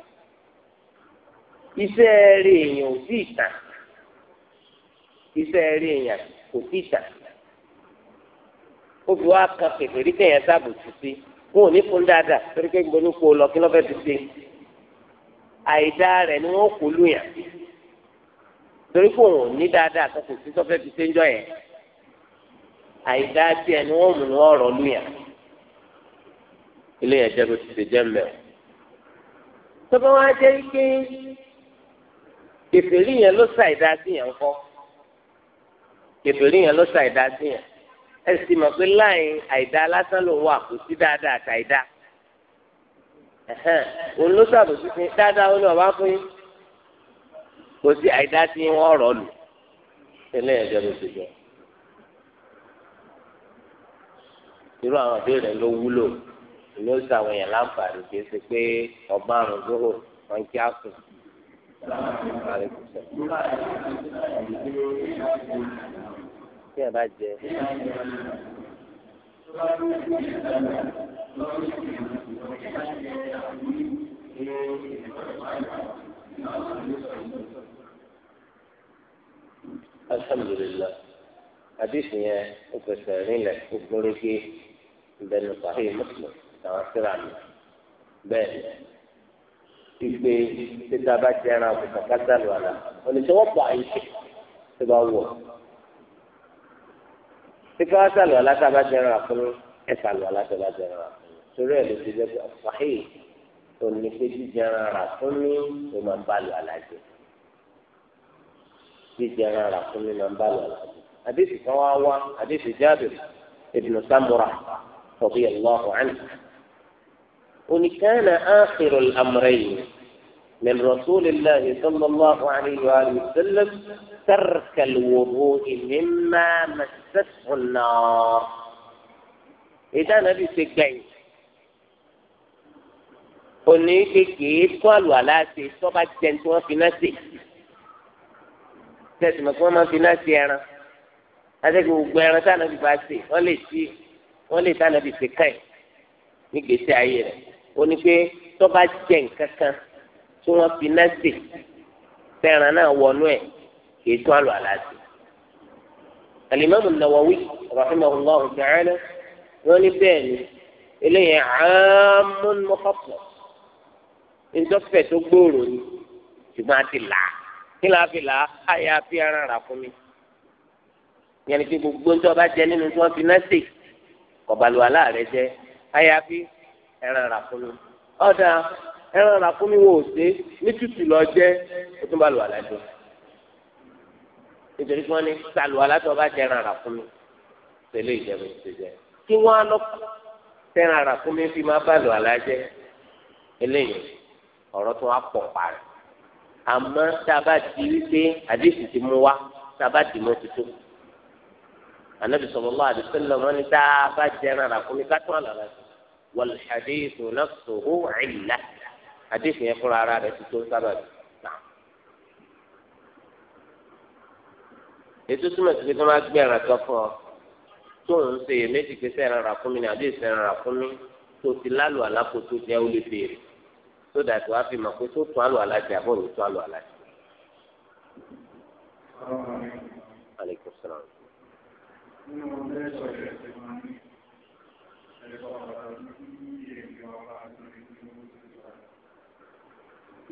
iṣẹ́ rẹ̀ èèyàn ò sí ìtàn iṣẹ́ rẹ̀ èèyàn kò sí ìtàn ó fi wá kan fèfèrí tẹ̀yàn ṣàbòsí sí wọn ò ní fún dáadáa torí pé gbọ́dọ̀ kó lọ kí ló fẹ́ fi ṣe àìdá rẹ̀ ni wọ́n kó lóyàn torí pé òun ò ní dáadáa kan kò sí tó fẹ́ fi ṣe ń jọ yẹn àìdá tiẹ̀ ni wọ́n mú ọ̀rọ̀ lóyàn ilé yẹn jẹ́ bó ti ṣe jẹ́ o tọ́ba wa jẹ́ ike kẹfẹ́rí yẹn ló ṣàì dá sí yẹn kọ́ kẹfẹ́rí yẹn ló ṣàì dá sí yẹn ẹ sì mọ̀ pé láì àìdá lásán ló wà kò sí dáadáa àtàìdá òun ló ṣàbòsí fún yín dáadáa ó ní ọba fún yín kò sí àìdá tí wọ́n rọ̀ lù ilé yẹn jẹ́ bó ti jẹ́ irú àwọn ìbéèrè ló wúlò ló ń sàwọn èèyàn láǹfààní kì í ṣe pé ọgbàrún zoho wọn kí á sùn. tí ẹ bá jẹ. alhamdulilah hadith yẹn ó fẹsẹ̀ rinlẹ̀ ó gbórígé ìbẹ̀nu sàhíì mùsùlùmí àwọn síra mi bẹ́ẹ̀ ìgbé títa bá jẹ ẹran àbùkà kátà lù àlà olùsọwọ́pọ̀ àyíṣe tó bá wọ̀ títa bá sàlù àlà tá a bá jẹ ẹran àfúnú ẹ sàlù àlà tó bá jẹ ẹran àfúnú torí ẹ ló ti jẹ ọ̀fàhì òní pé jíjẹ ẹran àfúnú ló máa ń bá lù àlà jẹ jíjẹ ẹran àfúnú máa ń bá lù àlà jẹ àdéhùn kan wá wá àdéhùn jáde ibn Samura radiyallahu oníkànnà áàkìrò àmúrẹ́yìn من رسول الله صلى الله عليه وآله وسلم ترك الوضوء مما مسته النار إذا نبي سكين òní kékeré tó àlù aláṣẹ sọba jẹ tí wọn fi náà ṣe tẹsí mọ kí wọn máa fi náà ṣe ẹran adéke gbogbo ẹran tí ànábì bá ṣe wọn lè ṣe wọn lè tí ànábì ṣe káyìn ní gbèsè ayé rẹ̀ ó ní pé tó bá jẹ nǹkan kan tí wọ́n fi iná sè fẹ́ràn náà wọnú ẹ̀ kì í tún àlọ́ àlàsì. alimami nawawi rahimahullah ta'ala wọ́n ní bẹ́ẹ̀ ni eléyìí àmọ́ mọ́kànlá ntọ́fẹ̀ tó gbòòrò ni ṣùgbọ́n a ti là á kí la fi là á àyà fi ara rà fún mi. yẹn pé gbogbo ntọ́ bá jẹ nínú tí wọ́n fi iná sè kọ̀bàlùwà láàrẹ̀ jẹ àyà fi ẹran ràkúnmí ọ̀dà ẹran ràkúnmí wo ò sí ní tútù lọ jẹ́ o tún bá lù àlájọ nítorí kí wọ́n ní sàlù alátọ̀ bá jẹ́ ẹran ràkúnmí tẹ̀lé ìjẹ̀bù ti jẹ́ kí wọ́n á lọ tẹ̀ran ràkúnmí fi máa bá lù àlájẹ eléyìí ọ̀rọ̀ tó wá pọ̀ parí àmọ́ tá ti rí pé àdéhùn ti mú wa tá ti mú tuntun anabi sallallahu alaihi wasallam ní tá a bá jẹ́ ẹran ràkúnmí ká tún àlọ́ àlájọ. والحديث نفسه علة حديث يقول على هذا تكون سبب نعم ètò túmọ̀ sí pé tó máa gbé ẹran kan fún ọ tó ń ṣe méjì pé sẹ́ran rà fún mi ní àbí ìsẹ́ran rà fún mi tó ti lálù àlákò tó jẹ́ ó lè béèrè tó dàtí wàá fi mọ̀ pé tó tún àlù àlájà àbọ̀ ló tún àlù àlájà. Aleykum salaam.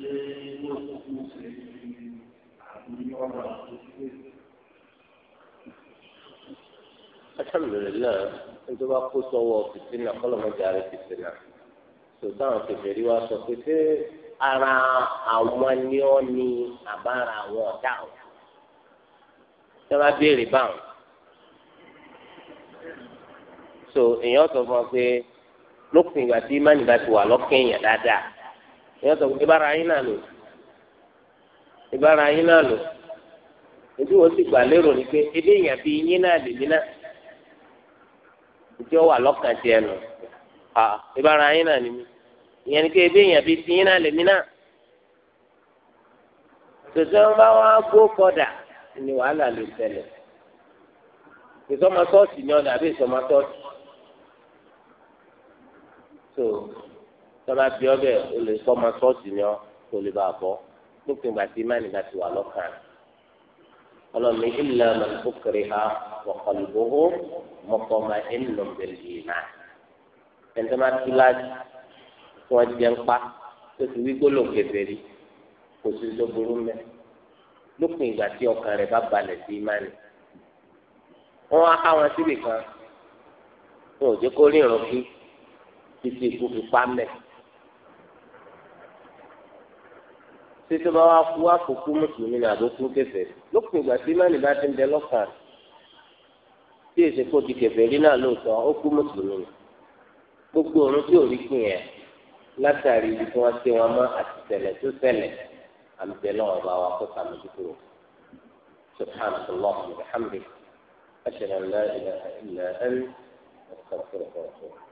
ṣé ló kú ṣe àbúrí ọ̀rọ̀ àtúnṣe. alhamdulilayi ẹjọ́ bá kó sọ́wọ́ fìtínà kọ́lọ́mọdé àrẹ fìtínà sọ̀tà àwọn kẹfẹ́rí wa sọ pé ṣé ara àwọn ni ọ́ ni àbára àwọn ọ̀dà ọ̀ ṣé wàá béèrè báwọn. so èèyàn sọ fún wa pé lópin ìgbà tí imáàlì bá ti wà lọ́kàn èèyàn dáadáa ìyá sọ pé ìbára yín náà lò ìbára yín náà lò ebi wo sì gbà lérò ni pé ebi èèyàn bíi yín náà lè mí náà ìdí ọwà lọ́kàn tiẹ̀ nù à ìbára yín náà ni mí ìyẹn ni pé ebi èèyàn bíi ti yín náà lè mí náà tòtò ń bá wọn gbó kọdà ni wàhálà lè ṣẹlẹ̀ ìsọmọ ṣọ́ọ̀ṣì ni ọ̀nà àbí ìsọmọ so tọ́ba bí ọbẹ̀ o lè sọ ọmọ sọ́ọ̀tì ni ọ kò lè bá a bọ́ nípìn ìgbà tí imáàní bá ti wà lọ́kàn ọlọ́mi ìlà mọ̀lẹ́kùkiri ha wọ̀kọ̀lùbọ̀wọ́ mọ̀kọ́mà ẹ̀nùbẹ̀lì náà ẹ̀ńtẹ́ máa tú láti tí wọ́n jẹ́ ń pa tó ti wí gbólóhùn kẹfẹ́rí kò sí tó burú mẹ́ lópin ìgbà tí ọkàn rẹ̀ bá balẹ̀ sí imáàní wọ́n á káwọn síbì kan wọn ò jẹ́ kó rí ìrọ̀kí títí ikú fi pa mẹ́ẹ̀. títí bá wá kú àkókò mùsùlùmí ní àbókù kẹfẹ lópin ìgbà tí mẹ́rin bá ti ń bẹ lọ́kàn tí èsì kò di kẹfẹ rí náà lóòótọ́ ó kú mùsùlùmí gbogbo òun tí ò rí pin yẹn látàrí ibi tí wọ́n ṣe wọn mọ́ àti tó ṣẹlẹ̀ àmì tẹ̀lé wọn wa kó sàmójú kúrò سبحانك اللهم وبحمدك أشهد أن لا إله إلا أنت